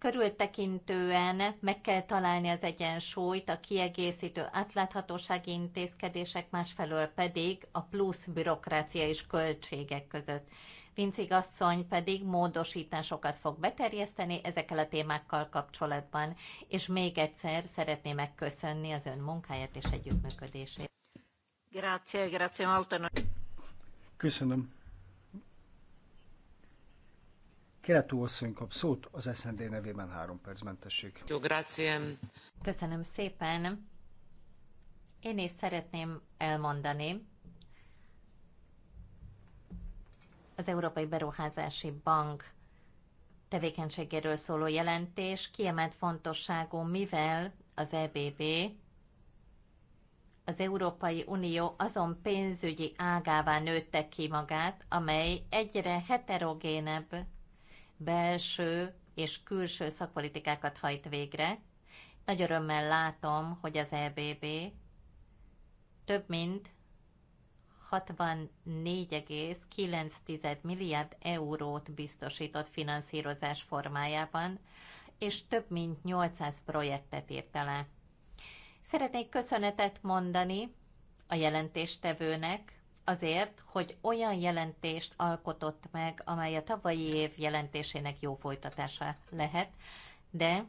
Körültekintően meg kell találni az egyensúlyt a kiegészítő átláthatósági intézkedések, másfelől pedig a plusz bürokrácia és költségek között. Vincig asszony pedig módosításokat fog beterjeszteni ezekkel a témákkal kapcsolatban, és még egyszer szeretné megköszönni az ön munkáját és együttműködését. Grazie, grazie molto. Köszönöm. Keletú asszony kap szót az SND nevében három percben tessék. Jó, grazie. Köszönöm szépen. Én is szeretném elmondani, az Európai Beruházási Bank tevékenységéről szóló jelentés kiemelt fontosságú, mivel az EBB az Európai Unió azon pénzügyi ágává nőtte ki magát, amely egyre heterogénebb belső és külső szakpolitikákat hajt végre. Nagy örömmel látom, hogy az EBB több mint 64,9 milliárd eurót biztosított finanszírozás formájában, és több mint 800 projektet írt alá. Szeretnék köszönetet mondani a jelentéstevőnek, azért, hogy olyan jelentést alkotott meg, amely a tavalyi év jelentésének jó folytatása lehet, de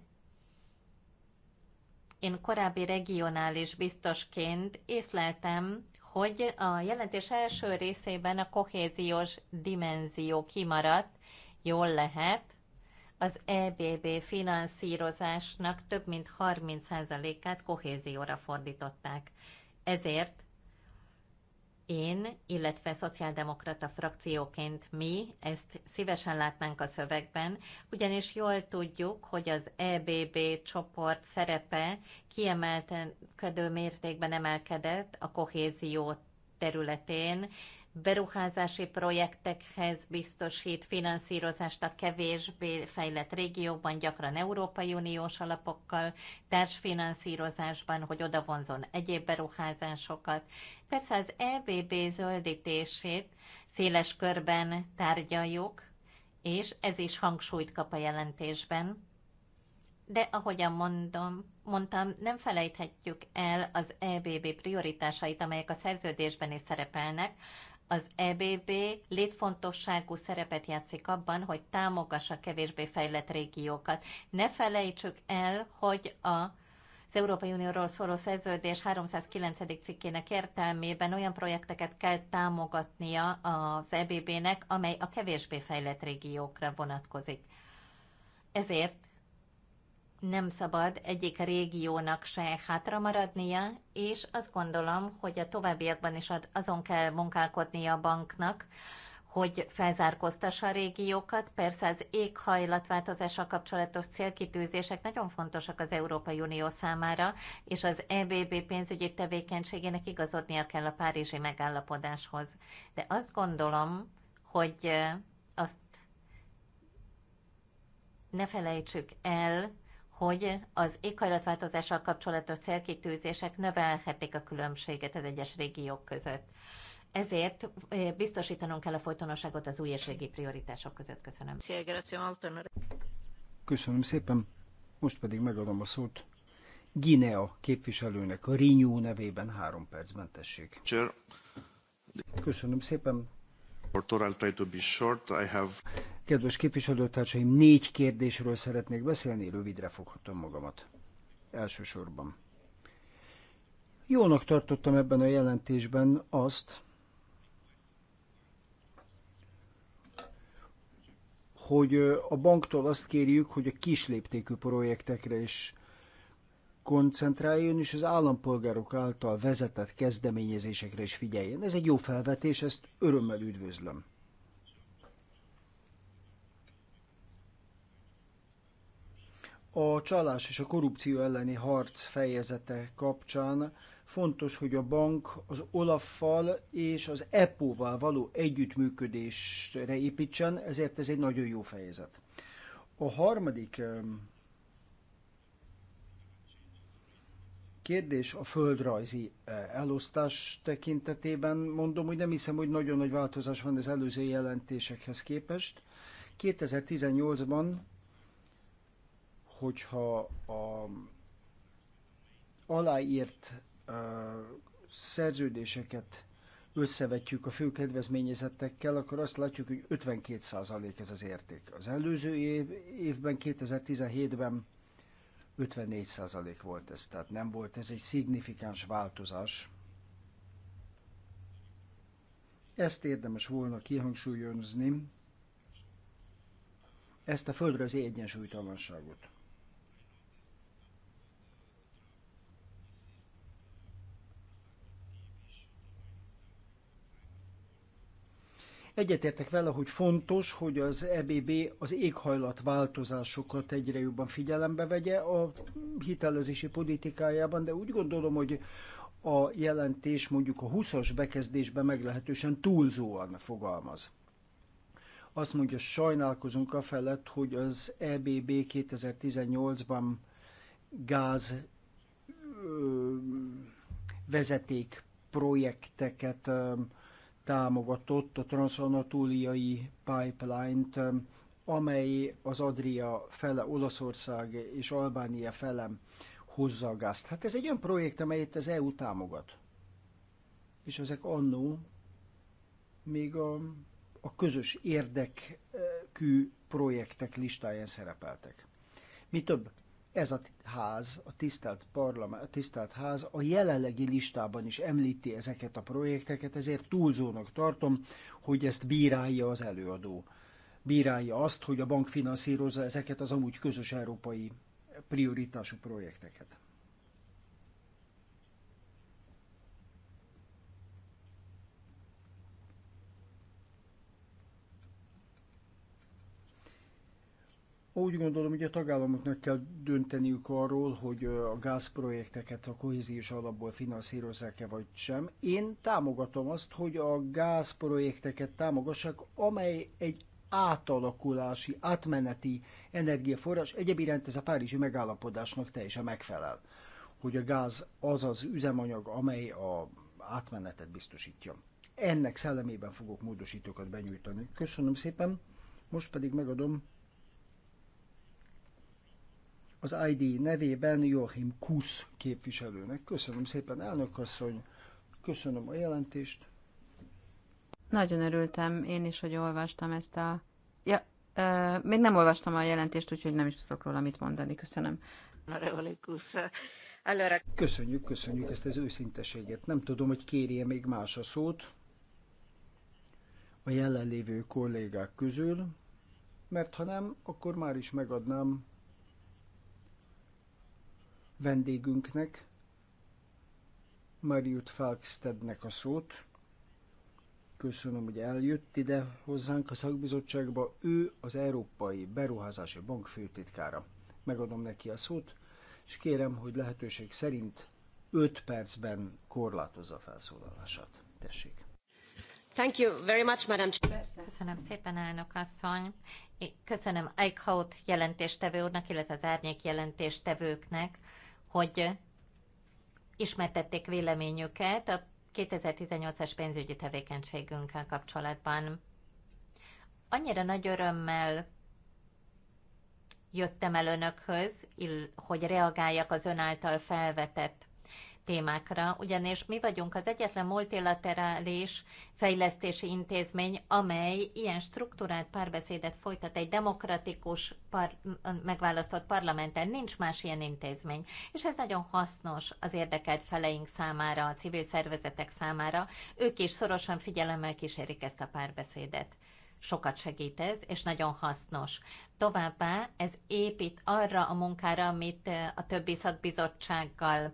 én korábbi regionális biztosként észleltem, hogy a jelentés első részében a kohéziós dimenzió kimaradt, jól lehet, az EBB finanszírozásnak több mint 30%-át kohézióra fordították. Ezért én, illetve szociáldemokrata frakcióként mi ezt szívesen látnánk a szövegben, ugyanis jól tudjuk, hogy az EBB csoport szerepe kiemelkedő mértékben emelkedett a kohézió területén, beruházási projektekhez biztosít finanszírozást a kevésbé fejlett régiókban, gyakran Európai Uniós alapokkal, társfinanszírozásban, hogy odavonzon egyéb beruházásokat. Persze az EBB zöldítését széles körben tárgyaljuk, és ez is hangsúlyt kap a jelentésben. De ahogyan mondom, mondtam, nem felejthetjük el az EBB prioritásait, amelyek a szerződésben is szerepelnek, az EBB létfontosságú szerepet játszik abban, hogy támogassa kevésbé fejlett régiókat. Ne felejtsük el, hogy a az Európai Unióról szóló szerződés 309. cikkének értelmében olyan projekteket kell támogatnia az EBB-nek, amely a kevésbé fejlett régiókra vonatkozik. Ezért nem szabad egyik régiónak se hátra maradnia, és azt gondolom, hogy a továbbiakban is azon kell munkálkodnia a banknak, hogy felzárkóztassa a régiókat. Persze az éghajlatváltozással kapcsolatos célkitűzések nagyon fontosak az Európai Unió számára, és az EBB pénzügyi tevékenységének igazodnia kell a Párizsi megállapodáshoz. De azt gondolom, hogy azt ne felejtsük el, hogy az éghajlatváltozással kapcsolatos célkitűzések növelhetik a különbséget az egyes régiók között. Ezért biztosítanunk kell a folytonosságot az új és régi prioritások között. Köszönöm. Köszönöm szépen. Most pedig megadom a szót Guinea képviselőnek a Rinyó nevében három percben tessék. Köszönöm szépen. Kedves képviselőtársaim, négy kérdésről szeretnék beszélni, rövidre foghatom magamat. Elsősorban. Jónak tartottam ebben a jelentésben azt, hogy a banktól azt kérjük, hogy a kisléptékű projektekre is koncentráljon, és az állampolgárok által vezetett kezdeményezésekre is figyeljen. Ez egy jó felvetés, ezt örömmel üdvözlöm. A csalás és a korrupció elleni harc fejezete kapcsán fontos, hogy a bank az Olaffal és az EPO-val való együttműködésre építsen, ezért ez egy nagyon jó fejezet. A harmadik kérdés a földrajzi elosztás tekintetében. Mondom, hogy nem hiszem, hogy nagyon nagy változás van az előző jelentésekhez képest. 2018-ban hogyha a aláírt a szerződéseket összevetjük a fő kedvezményezettekkel, akkor azt látjuk, hogy 52% ez az érték. Az előző év, évben, 2017-ben 54% volt ez, tehát nem volt ez egy szignifikáns változás. Ezt érdemes volna kihangsúlyozni, ezt a földrajzi egyensúlytalanságot. Egyetértek vele, hogy fontos, hogy az EBB az éghajlat változásokat egyre jobban figyelembe vegye a hitelezési politikájában, de úgy gondolom, hogy a jelentés mondjuk a 20-as bekezdésben meglehetősen túlzóan fogalmaz. Azt mondja, sajnálkozunk a felett, hogy az EBB 2018-ban gáz ö, vezeték projekteket ö, támogatott a transanatóliai pipeline-t, um, amely az Adria fele Olaszország és Albánia fele hozza a gázt. Hát ez egy olyan projekt, amelyet az EU támogat. És ezek annó még a, a közös érdekű projektek listáján szerepeltek. Mi több, ez a ház, a tisztelt, parlament, a tisztelt ház a jelenlegi listában is említi ezeket a projekteket, ezért túlzónak tartom, hogy ezt bírálja az előadó. Bírálja azt, hogy a bank finanszírozza ezeket az amúgy közös európai prioritású projekteket. Úgy gondolom, hogy a tagállamoknak kell dönteniük arról, hogy a gázprojekteket a kohéziós alapból finanszírozzák-e vagy sem. Én támogatom azt, hogy a gázprojekteket támogassák, amely egy átalakulási, átmeneti energiaforrás. Egyéb iránt ez a párizsi megállapodásnak teljesen megfelel, hogy a gáz az az üzemanyag, amely a átmenetet biztosítja. Ennek szellemében fogok módosítókat benyújtani. Köszönöm szépen, most pedig megadom az ID nevében Joachim Kusz képviselőnek. Köszönöm szépen, elnök asszony, köszönöm a jelentést. Nagyon örültem én is, hogy olvastam ezt a... Ja, euh, még nem olvastam a jelentést, úgyhogy nem is tudok róla mit mondani. Köszönöm. Köszönjük, köszönjük ezt az őszinteséget. Nem tudom, hogy kérje még más a szót a jelenlévő kollégák közül, mert ha nem, akkor már is megadnám vendégünknek, Mariut Falkstednek a szót. Köszönöm, hogy eljött ide hozzánk a szakbizottságba. Ő az Európai Beruházási Bank főtitkára. Megadom neki a szót, és kérem, hogy lehetőség szerint 5 percben korlátozza felszólalását. Tessék. Thank you very much, Madam Köszönöm szépen, elnök asszony. Köszönöm Eichhout jelentéstevő úrnak, illetve az árnyék jelentéstevőknek hogy ismertették véleményüket a 2018-as pénzügyi tevékenységünkkel kapcsolatban. Annyira nagy örömmel jöttem el önökhöz, hogy reagáljak az ön által felvetett témákra, ugyanis mi vagyunk az egyetlen multilaterális fejlesztési intézmény, amely ilyen struktúrált párbeszédet folytat egy demokratikus par- megválasztott parlamenten. Nincs más ilyen intézmény. És ez nagyon hasznos az érdekelt feleink számára, a civil szervezetek számára. Ők is szorosan figyelemmel kísérik ezt a párbeszédet sokat segít ez, és nagyon hasznos. Továbbá ez épít arra a munkára, amit eh, a többi szakbizottsággal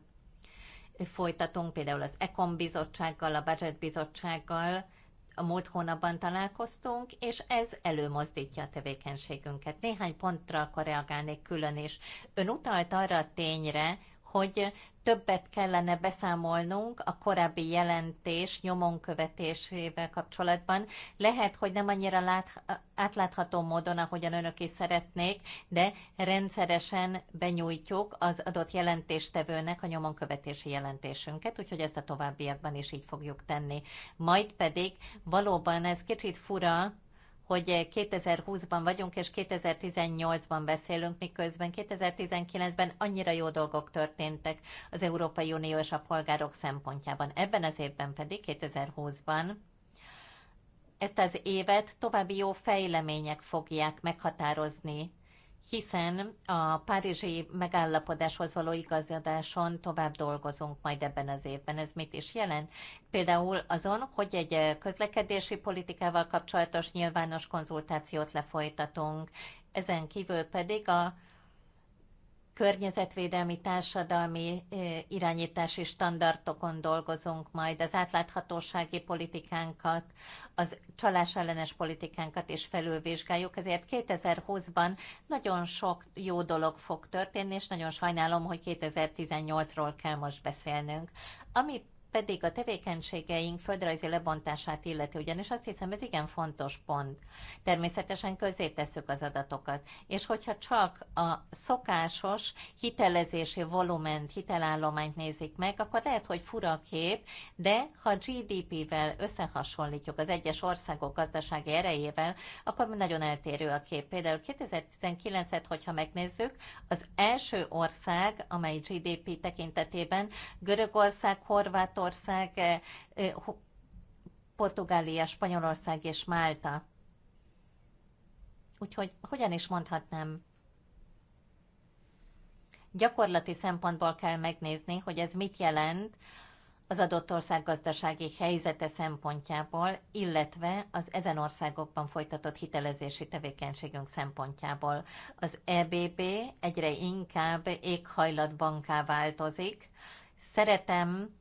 folytatunk, például az Ekon bizottsággal, a Budget bizottsággal, a múlt hónapban találkoztunk, és ez előmozdítja a tevékenységünket. Néhány pontra akkor reagálnék külön is. Ön utalt arra a tényre, hogy többet kellene beszámolnunk a korábbi jelentés nyomon követésével kapcsolatban. Lehet, hogy nem annyira lát, átlátható módon, ahogyan önök is szeretnék, de rendszeresen benyújtjuk az adott jelentéstevőnek a nyomon követési jelentésünket, úgyhogy ezt a továbbiakban is így fogjuk tenni. Majd pedig valóban ez kicsit fura, hogy 2020-ban eh, vagyunk, és 2018-ban beszélünk, miközben 2019-ben annyira jó dolgok történtek az Európai Unió és a polgárok szempontjában. Ebben az évben pedig, 2020-ban, ezt az évet további jó fejlemények fogják meghatározni hiszen a párizsi megállapodáshoz való igazadáson tovább dolgozunk majd ebben az évben. Ez mit is jelent? Például azon, hogy egy közlekedési politikával kapcsolatos nyilvános konzultációt lefolytatunk, ezen kívül pedig a környezetvédelmi, társadalmi irányítási standardokon dolgozunk majd, az átláthatósági politikánkat, az csalás ellenes politikánkat is felülvizsgáljuk, ezért 2020-ban nagyon sok jó dolog fog történni, és nagyon sajnálom, hogy 2018-ról kell most beszélnünk. Ami pedig a tevékenységeink földrajzi lebontását illeti, ugyanis azt hiszem ez igen fontos pont. Természetesen közé tesszük az adatokat, és hogyha csak a szokásos hitelezési volument, hitelállományt nézik meg, akkor lehet, hogy fura a kép, de ha GDP-vel összehasonlítjuk az egyes országok gazdasági erejével, akkor nagyon eltérő a kép. Például 2019-et, hogyha megnézzük, az első ország, amely GDP tekintetében Görögország, Horvátország, Németország, eh, eh, Portugália, Spanyolország és Málta. Úgyhogy hogyan is mondhatnám? Gyakorlati szempontból kell megnézni, hogy ez mit jelent az adott ország gazdasági helyzete szempontjából, illetve az ezen országokban folytatott hitelezési tevékenységünk szempontjából. Az EBB egyre inkább éghajlatbanká változik. Szeretem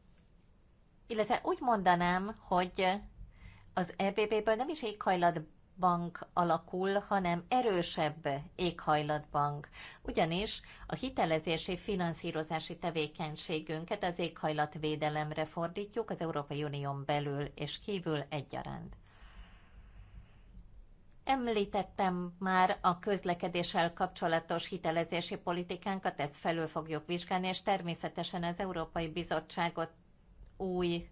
illetve úgy mondanám, hogy az EBB-ből nem is éghajlatbank alakul, hanem erősebb éghajlatbank. Ugyanis a hitelezési finanszírozási tevékenységünket az éghajlatvédelemre fordítjuk az Európai Unión belül és kívül egyaránt. Említettem már a közlekedéssel kapcsolatos hitelezési politikánkat, ezt felül fogjuk vizsgálni, és természetesen az Európai Bizottságot új,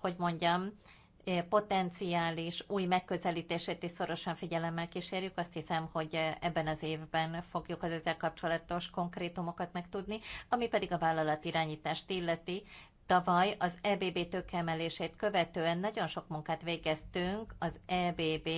hogy mondjam, eh, potenciális új megközelítését is szorosan figyelemmel kísérjük. Azt hiszem, hogy eh, ebben az évben fogjuk az ezzel kapcsolatos konkrétumokat megtudni, ami pedig a vállalat irányítást illeti. Tavaly az EBB tökemelését követően nagyon sok munkát végeztünk az EBB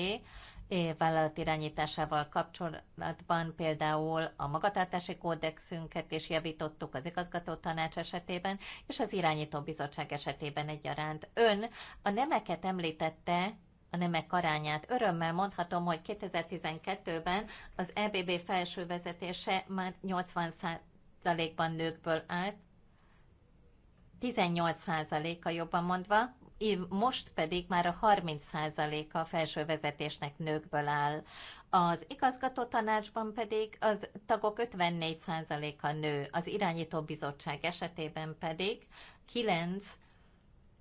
vállalat irányításával kapcsolatban például a magatartási kódexünket is javítottuk az igazgató tanács esetében, és az irányító bizottság esetében egyaránt. Ön a nemeket említette, a nemek arányát. Örömmel mondhatom, hogy 2012-ben az EBB felső vezetése már 80%-ban nőkből állt, 18%-a jobban mondva, év, most pedig már a 30%-a a felső vezetésnek nőkből áll. Az igazgató tanácsban pedig az tagok 54%-a nő, az irányító bizottság esetében pedig 9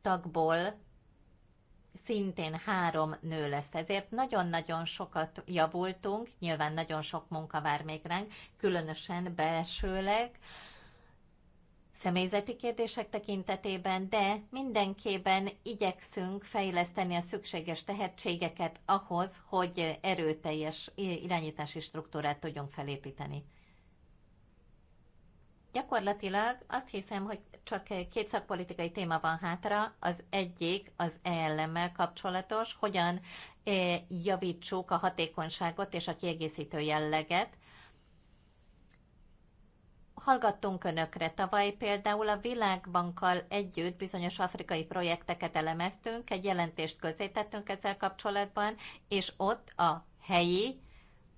tagból szintén három nő lesz. Ezért nagyon-nagyon sokat javultunk, nyilván nagyon sok munka vár még ránk, különösen belsőleg, személyzeti kérdések tekintetében, de mindenképpen igyekszünk fejleszteni a szükséges tehetségeket ahhoz, hogy erőteljes irányítási struktúrát tudjunk felépíteni. Gyakorlatilag azt hiszem, hogy csak két szakpolitikai téma van hátra. Az egyik az ELM-mel kapcsolatos, hogyan eh, javítsuk a hatékonyságot és a kiegészítő jelleget, hallgattunk önökre. Tavaly például a Világbankkal együtt bizonyos afrikai projekteket elemeztünk, egy jelentést tettünk ezzel kapcsolatban, és ott a helyi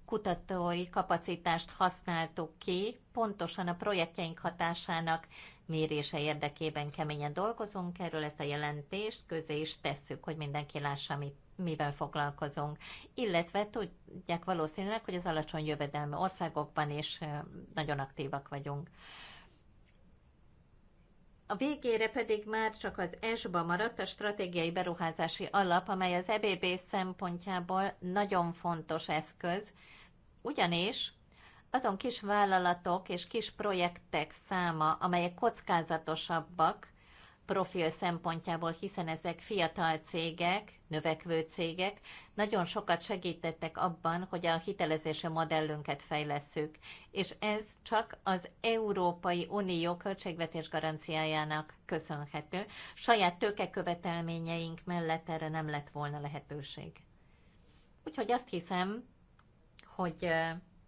kutatói kapacitást használtuk ki, pontosan a projektjeink hatásának mérése érdekében keményen dolgozunk, erről ezt a jelentést közé is tesszük, hogy mindenki lássa, mit mivel foglalkozunk, illetve tudják valószínűleg, hogy az alacsony jövedelmi országokban is nagyon aktívak vagyunk. A végére pedig már csak az ESBA maradt a stratégiai beruházási alap, amely az EBB szempontjából nagyon fontos eszköz, ugyanis azon kis vállalatok és kis projektek száma, amelyek kockázatosabbak, profil szempontjából, hiszen ezek fiatal cégek, növekvő cégek, nagyon sokat segítettek abban, hogy a hitelezési modellünket fejlesszük, és ez csak az Európai Unió költségvetés garanciájának köszönhető. Saját tőkekövetelményeink mellett erre nem lett volna lehetőség. Úgyhogy azt hiszem, hogy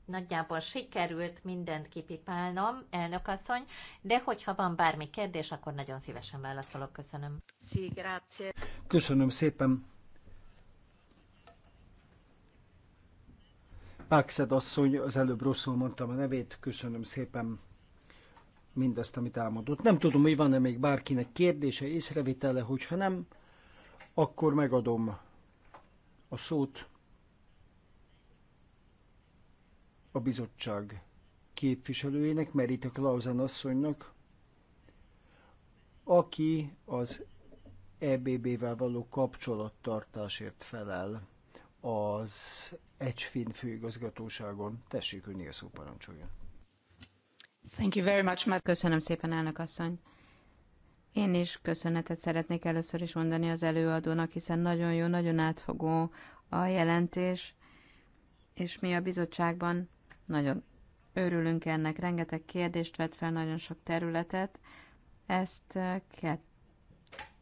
nagyjából sikerült mindent kipipálnom, elnökasszony, de hogyha van bármi kérdés, akkor nagyon szívesen válaszolok. Köszönöm. Sí, grazie. Köszönöm szépen. Pákszed asszony, az előbb rosszul mondtam a nevét, köszönöm szépen mindazt, amit elmondott. Nem tudom, hogy van-e még bárkinek kérdése, észrevitele, hogyha nem, akkor megadom a szót a bizottság képviselőjének, Merita Klausen asszonynak, aki az EBB-vel való kapcsolattartásért felel az ECFIN főigazgatóságon. Tessék, önnél szó parancsoljon. Thank you very much, Matt. Köszönöm szépen, elnök asszony. Én is köszönetet szeretnék először is mondani az előadónak, hiszen nagyon jó, nagyon átfogó a jelentés, és mi a bizottságban nagyon örülünk ennek, rengeteg kérdést vett fel, nagyon sok területet. Ezt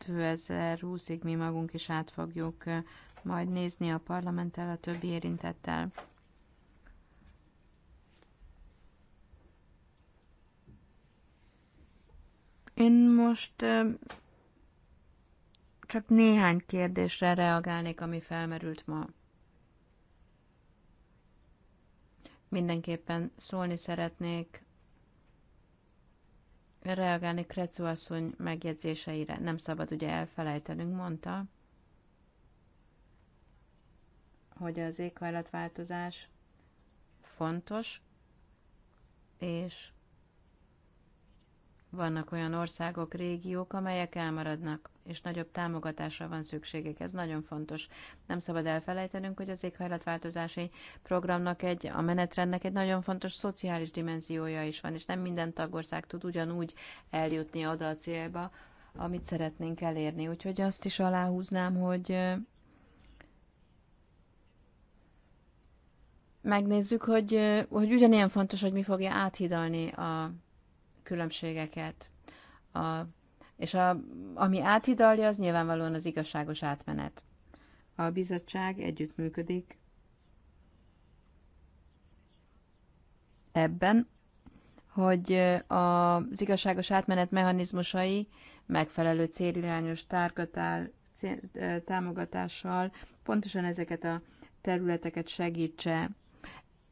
2020-ig eh, mi magunk is át fogjuk eh, majd nézni a parlamenttel, a többi érintettel. Én most eh, csak néhány kérdésre reagálnék, ami felmerült ma. mindenképpen szólni szeretnék, reagálni Krecu asszony megjegyzéseire. Nem szabad ugye elfelejtenünk, mondta, hogy az éghajlatváltozás fontos, és vannak olyan országok, régiók, amelyek elmaradnak, és nagyobb támogatásra van szükségük. Ez nagyon fontos. Nem szabad elfelejtenünk, hogy az éghajlatváltozási programnak egy, a menetrendnek egy nagyon fontos szociális dimenziója is van, és nem minden tagország tud ugyanúgy eljutni oda a célba, amit szeretnénk elérni. Úgyhogy azt is aláhúznám, hogy megnézzük, hogy, hogy ugyanilyen fontos, hogy mi fogja áthidalni a különbségeket. A, és a, ami áthidalja, az nyilvánvalóan az igazságos átmenet. A bizottság együttműködik ebben, hogy az igazságos átmenet mechanizmusai megfelelő célirányos tárgatál, cél, támogatással pontosan ezeket a területeket segítse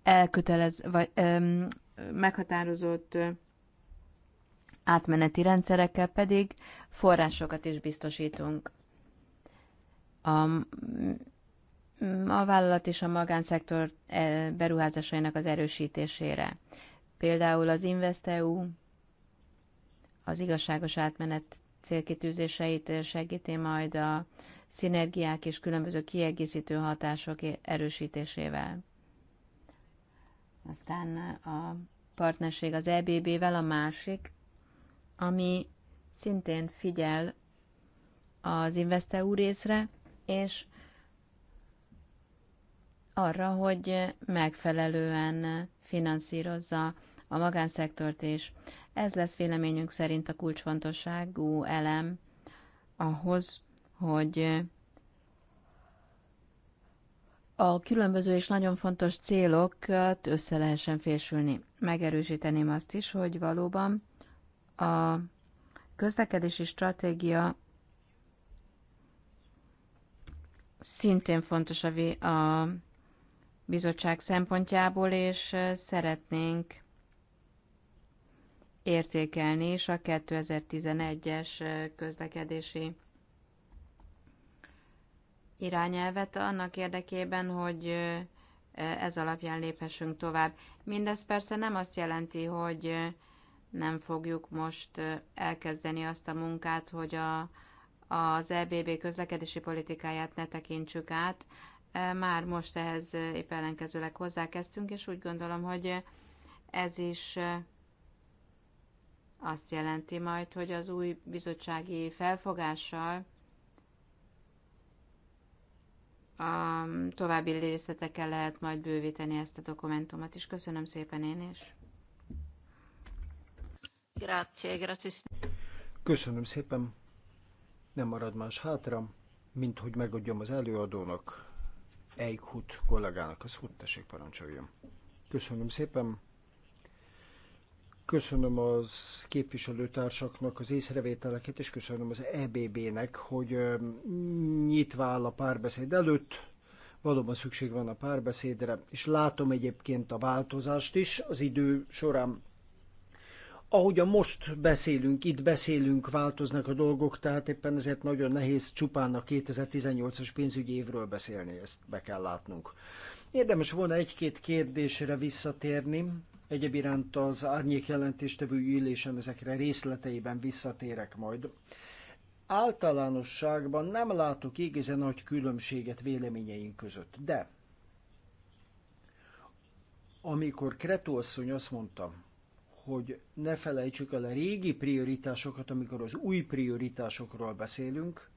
elkötelez, vagy öm, meghatározott átmeneti rendszerekkel pedig forrásokat is biztosítunk. A, a vállalat és a magánszektor e, beruházásainak az erősítésére. Például az InvestEU az igazságos átmenet célkitűzéseit segíti majd a szinergiák és különböző kiegészítő hatások erősítésével. Aztán a partnerség az EBB-vel a másik ami szintén figyel az úr részre, és arra, hogy megfelelően finanszírozza a magánszektort is. Ez lesz véleményünk szerint a kulcsfontosságú elem ahhoz, hogy a különböző és nagyon fontos célokat össze lehessen fésülni. Megerősíteném azt is, hogy valóban a közlekedési stratégia szintén fontos a, a bizottság szempontjából, és szeretnénk értékelni is a 2011-es közlekedési irányelvet annak érdekében, hogy ez alapján léphessünk tovább. Mindez persze nem azt jelenti, hogy nem fogjuk most elkezdeni azt a munkát, hogy a, az EBB közlekedési politikáját ne tekintsük át. Már most ehhez épp ellenkezőleg hozzákezdtünk, és úgy gondolom, hogy ez is azt jelenti majd, hogy az új bizottsági felfogással a további részletekkel lehet majd bővíteni ezt a dokumentumot is. Köszönöm szépen én is. Grazie, grazie. Köszönöm szépen. Nem marad más hátra, mint hogy megadjam az előadónak, Eichhut kollégának a szót, tessék parancsoljon. Köszönöm szépen. Köszönöm az képviselőtársaknak az észrevételeket, és köszönöm az EBB-nek, hogy nyitva áll a párbeszéd előtt, valóban szükség van a párbeszédre, és látom egyébként a változást is az idő során ahogy a most beszélünk, itt beszélünk, változnak a dolgok, tehát éppen ezért nagyon nehéz csupán a 2018-as pénzügyi évről beszélni, ezt be kell látnunk. Érdemes volna egy-két kérdésre visszatérni, egyéb iránt az árnyék jelentéstevő ülésen ezekre részleteiben visszatérek majd. Általánosságban nem látok igazán nagy különbséget véleményeink között, de amikor Kretó asszony azt mondta, hogy ne felejtsük el a régi prioritásokat, amikor az új prioritásokról beszélünk.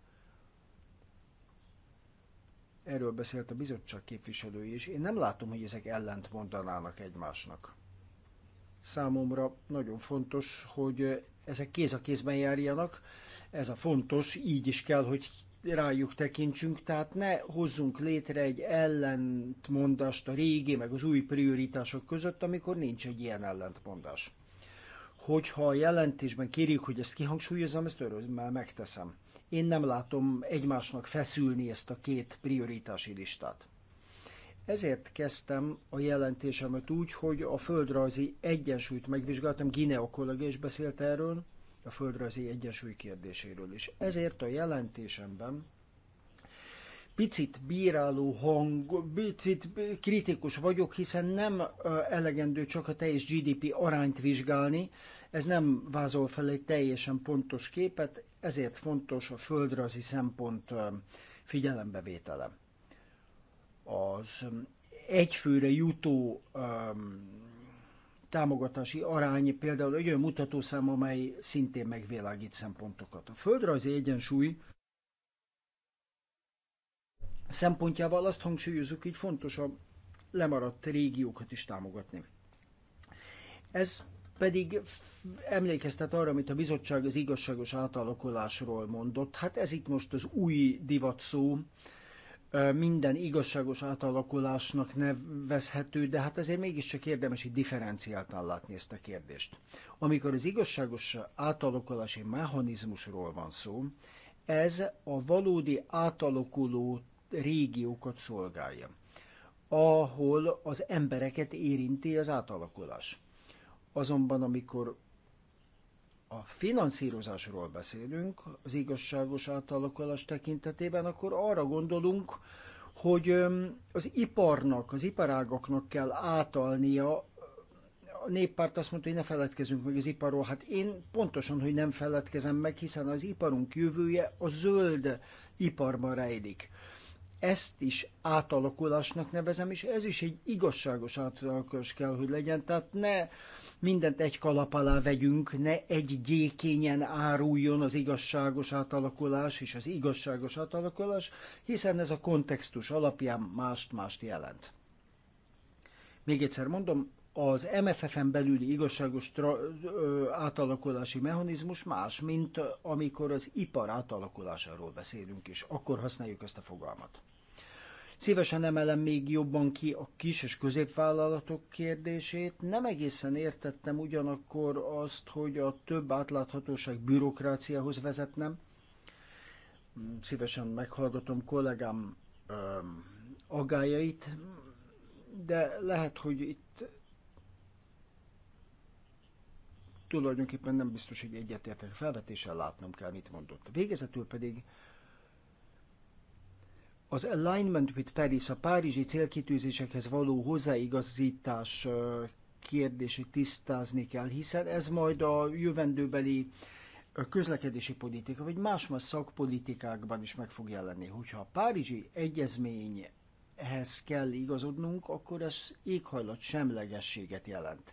Erről beszélt a bizottság képviselői is. Én nem látom, hogy ezek ellent mondanának egymásnak. Számomra nagyon fontos, hogy ezek kéz a kézben járjanak. Ez a fontos, így is kell, hogy rájuk tekintsünk, tehát ne hozzunk létre egy ellentmondást a régi meg az új prioritások között, amikor nincs egy ilyen ellentmondás. Hogyha a jelentésben kérjük, hogy ezt kihangsúlyozom, ezt örömmel megteszem. Én nem látom egymásnak feszülni ezt a két prioritási listát. Ezért kezdtem a jelentésemet úgy, hogy a földrajzi egyensúlyt megvizsgáltam, Gineo kollega is beszélt erről, a földrajzi egyensúly kérdéséről is. Ezért a jelentésemben picit bíráló hang, picit kritikus vagyok, hiszen nem elegendő csak a teljes GDP arányt vizsgálni, ez nem vázol fel egy teljesen pontos képet, ezért fontos a földrajzi szempont figyelembevétele. Az egyfőre jutó támogatási arány például egy olyan mutatószám, amely szintén megvilágít szempontokat. A földrajzi egyensúly szempontjával azt hangsúlyozzuk, így fontos a lemaradt régiókat is támogatni. Ez pedig emlékeztet arra, amit a bizottság az igazságos átalakulásról mondott. Hát ez itt most az új divat szó, minden igazságos átalakulásnak nevezhető, de hát azért mégiscsak érdemes egy differenciáltan látni ezt a kérdést. Amikor az igazságos átalakulási mechanizmusról van szó, ez a valódi átalakuló régiókat szolgálja, ahol az embereket érinti az átalakulás. Azonban, amikor a finanszírozásról beszélünk az igazságos átalakulás tekintetében, akkor arra gondolunk, hogy az iparnak, az iparágaknak kell átalnia. A néppárt azt mondta, hogy ne feledkezünk meg az iparról. Hát én pontosan, hogy nem feledkezem meg, hiszen az iparunk jövője a zöld iparban rejlik. Ezt is átalakulásnak nevezem, és ez is egy igazságos átalakulás kell, hogy legyen. Tehát ne mindent egy kalap alá vegyünk, ne egy gyékényen áruljon az igazságos átalakulás és az igazságos átalakulás, hiszen ez a kontextus alapján mást-mást jelent. Még egyszer mondom, az MFF-en belüli igazságos átalakulási mechanizmus más, mint amikor az ipar átalakulásáról beszélünk, és akkor használjuk ezt a fogalmat. Szívesen emelem még jobban ki a kis és középvállalatok kérdését. Nem egészen értettem ugyanakkor azt, hogy a több átláthatóság bürokráciához vezetnem. Mm, szívesen meghallgatom kollégám agájait, de lehet, hogy itt tulajdonképpen nem biztos, hogy egyetértek felvetéssel, látnom kell, mit mondott. Végezetül pedig az Alignment with Paris, a párizsi célkitűzésekhez való hozzáigazítás kérdését tisztázni kell, hiszen ez majd a jövendőbeli közlekedési politika, vagy más-más szakpolitikákban is meg fog jelenni. Hogyha a párizsi egyezményhez kell igazodnunk, akkor ez éghajlat semlegességet jelent.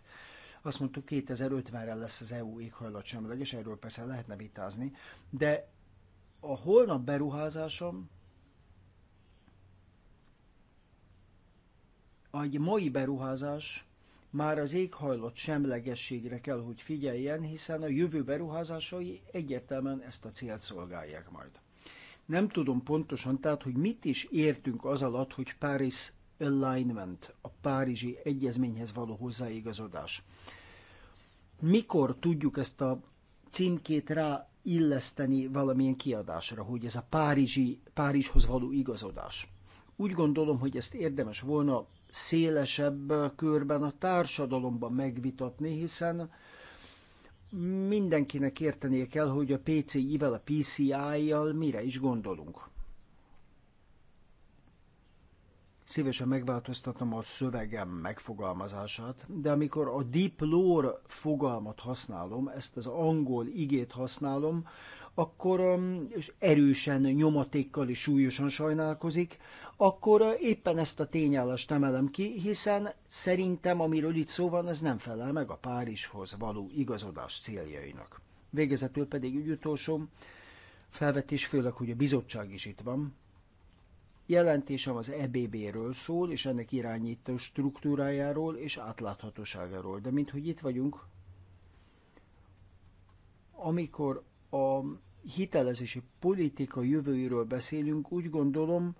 Azt mondtuk, 2050-re lesz az EU éghajlatsemleges, erről persze lehetne vitázni, de a holnap beruházásom egy mai beruházás már az éghajlat semlegességre kell, hogy figyeljen, hiszen a jövő beruházásai egyértelműen ezt a célt szolgálják majd. Nem tudom pontosan, tehát, hogy mit is értünk az alatt, hogy Párizs alignment, a Párizsi Egyezményhez való hozzáigazodás. Mikor tudjuk ezt a címkét illeszteni valamilyen kiadásra, hogy ez a Párizsi, Párizshoz való igazodás? Úgy gondolom, hogy ezt érdemes volna szélesebb körben a társadalomban megvitatni, hiszen mindenkinek értenie kell, hogy a PCI-vel, a PCI-jal mire is gondolunk. szívesen megváltoztatom a szövegem megfogalmazását, de amikor a deep lore fogalmat használom, ezt az angol igét használom, akkor um, és erősen nyomatékkal és súlyosan sajnálkozik, akkor uh, éppen ezt a tényállást emelem ki, hiszen szerintem, amiről itt szó van, ez nem felel meg a Párizshoz való igazodás céljainak. Végezetül pedig ügy utolsó felvetés, főleg, hogy a bizottság is itt van, Jelentésem az EBB-ről szól, és ennek irányító struktúrájáról és átláthatóságáról. De mint hogy itt vagyunk, amikor a hitelezési politika jövőjéről beszélünk, úgy gondolom,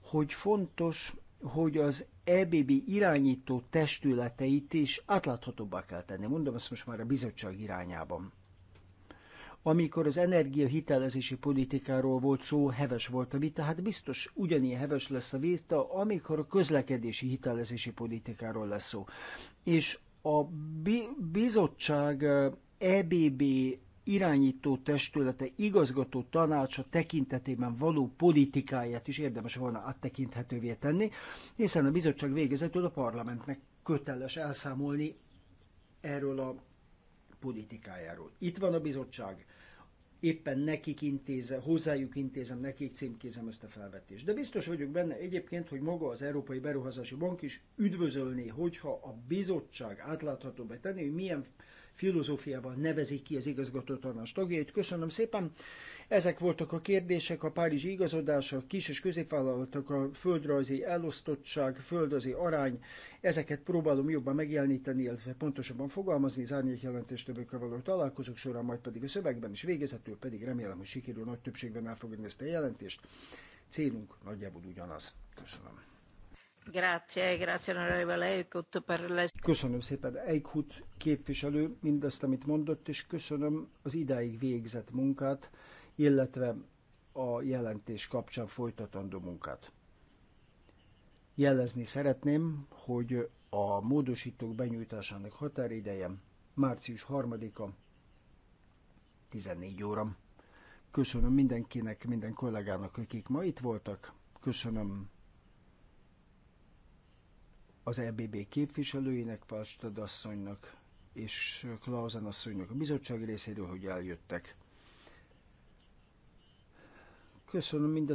hogy fontos, hogy az EBB irányító testületeit is átláthatóbbá kell tenni. Mondom ezt most már a bizottság irányában. Amikor az energiahitelezési politikáról volt szó, heves volt a vita, hát biztos ugyanilyen heves lesz a vita, amikor a közlekedési hitelezési politikáról lesz szó. És a bizottság EBB irányító testülete, igazgató tanácsa tekintetében való politikáját is érdemes volna áttekinthetővé tenni, hiszen a bizottság végezetül a parlamentnek köteles elszámolni erről a politikájáról. Itt van a bizottság, éppen nekik intézem, hozzájuk intézem, nekik címkézem ezt a felvetést. De biztos vagyok benne egyébként, hogy maga az Európai Beruházási Bank is üdvözölné, hogyha a bizottság átláthatóbbá tenni, hogy milyen filozófiával nevezik ki az igazgatótanács tagjait. Köszönöm szépen, ezek voltak a kérdések, a párizsi igazodása, a kis és középvállalatok, a földrajzi elosztottság, földrajzi arány, ezeket próbálom jobban megjeleníteni, illetve pontosabban fogalmazni az árnyék többekkel való találkozók során, majd pedig a szövegben, is végezetül pedig remélem, hogy sikerül nagy többségben elfogadni ezt a jelentést. Célunk nagyjából ugyanaz. Köszönöm. Köszönöm szépen Eichhut képviselő mindazt, amit mondott, és köszönöm az idáig végzett munkát illetve a jelentés kapcsán folytatandó munkát. Jelezni szeretném, hogy a módosítók benyújtásának határideje március 3-a 14 óra. Köszönöm mindenkinek, minden kollégának, akik ma itt voltak. Köszönöm az EBB képviselőinek, Falstad asszonynak és Klausen asszonynak a bizottság részéről, hogy eljöttek. Köszönöm mind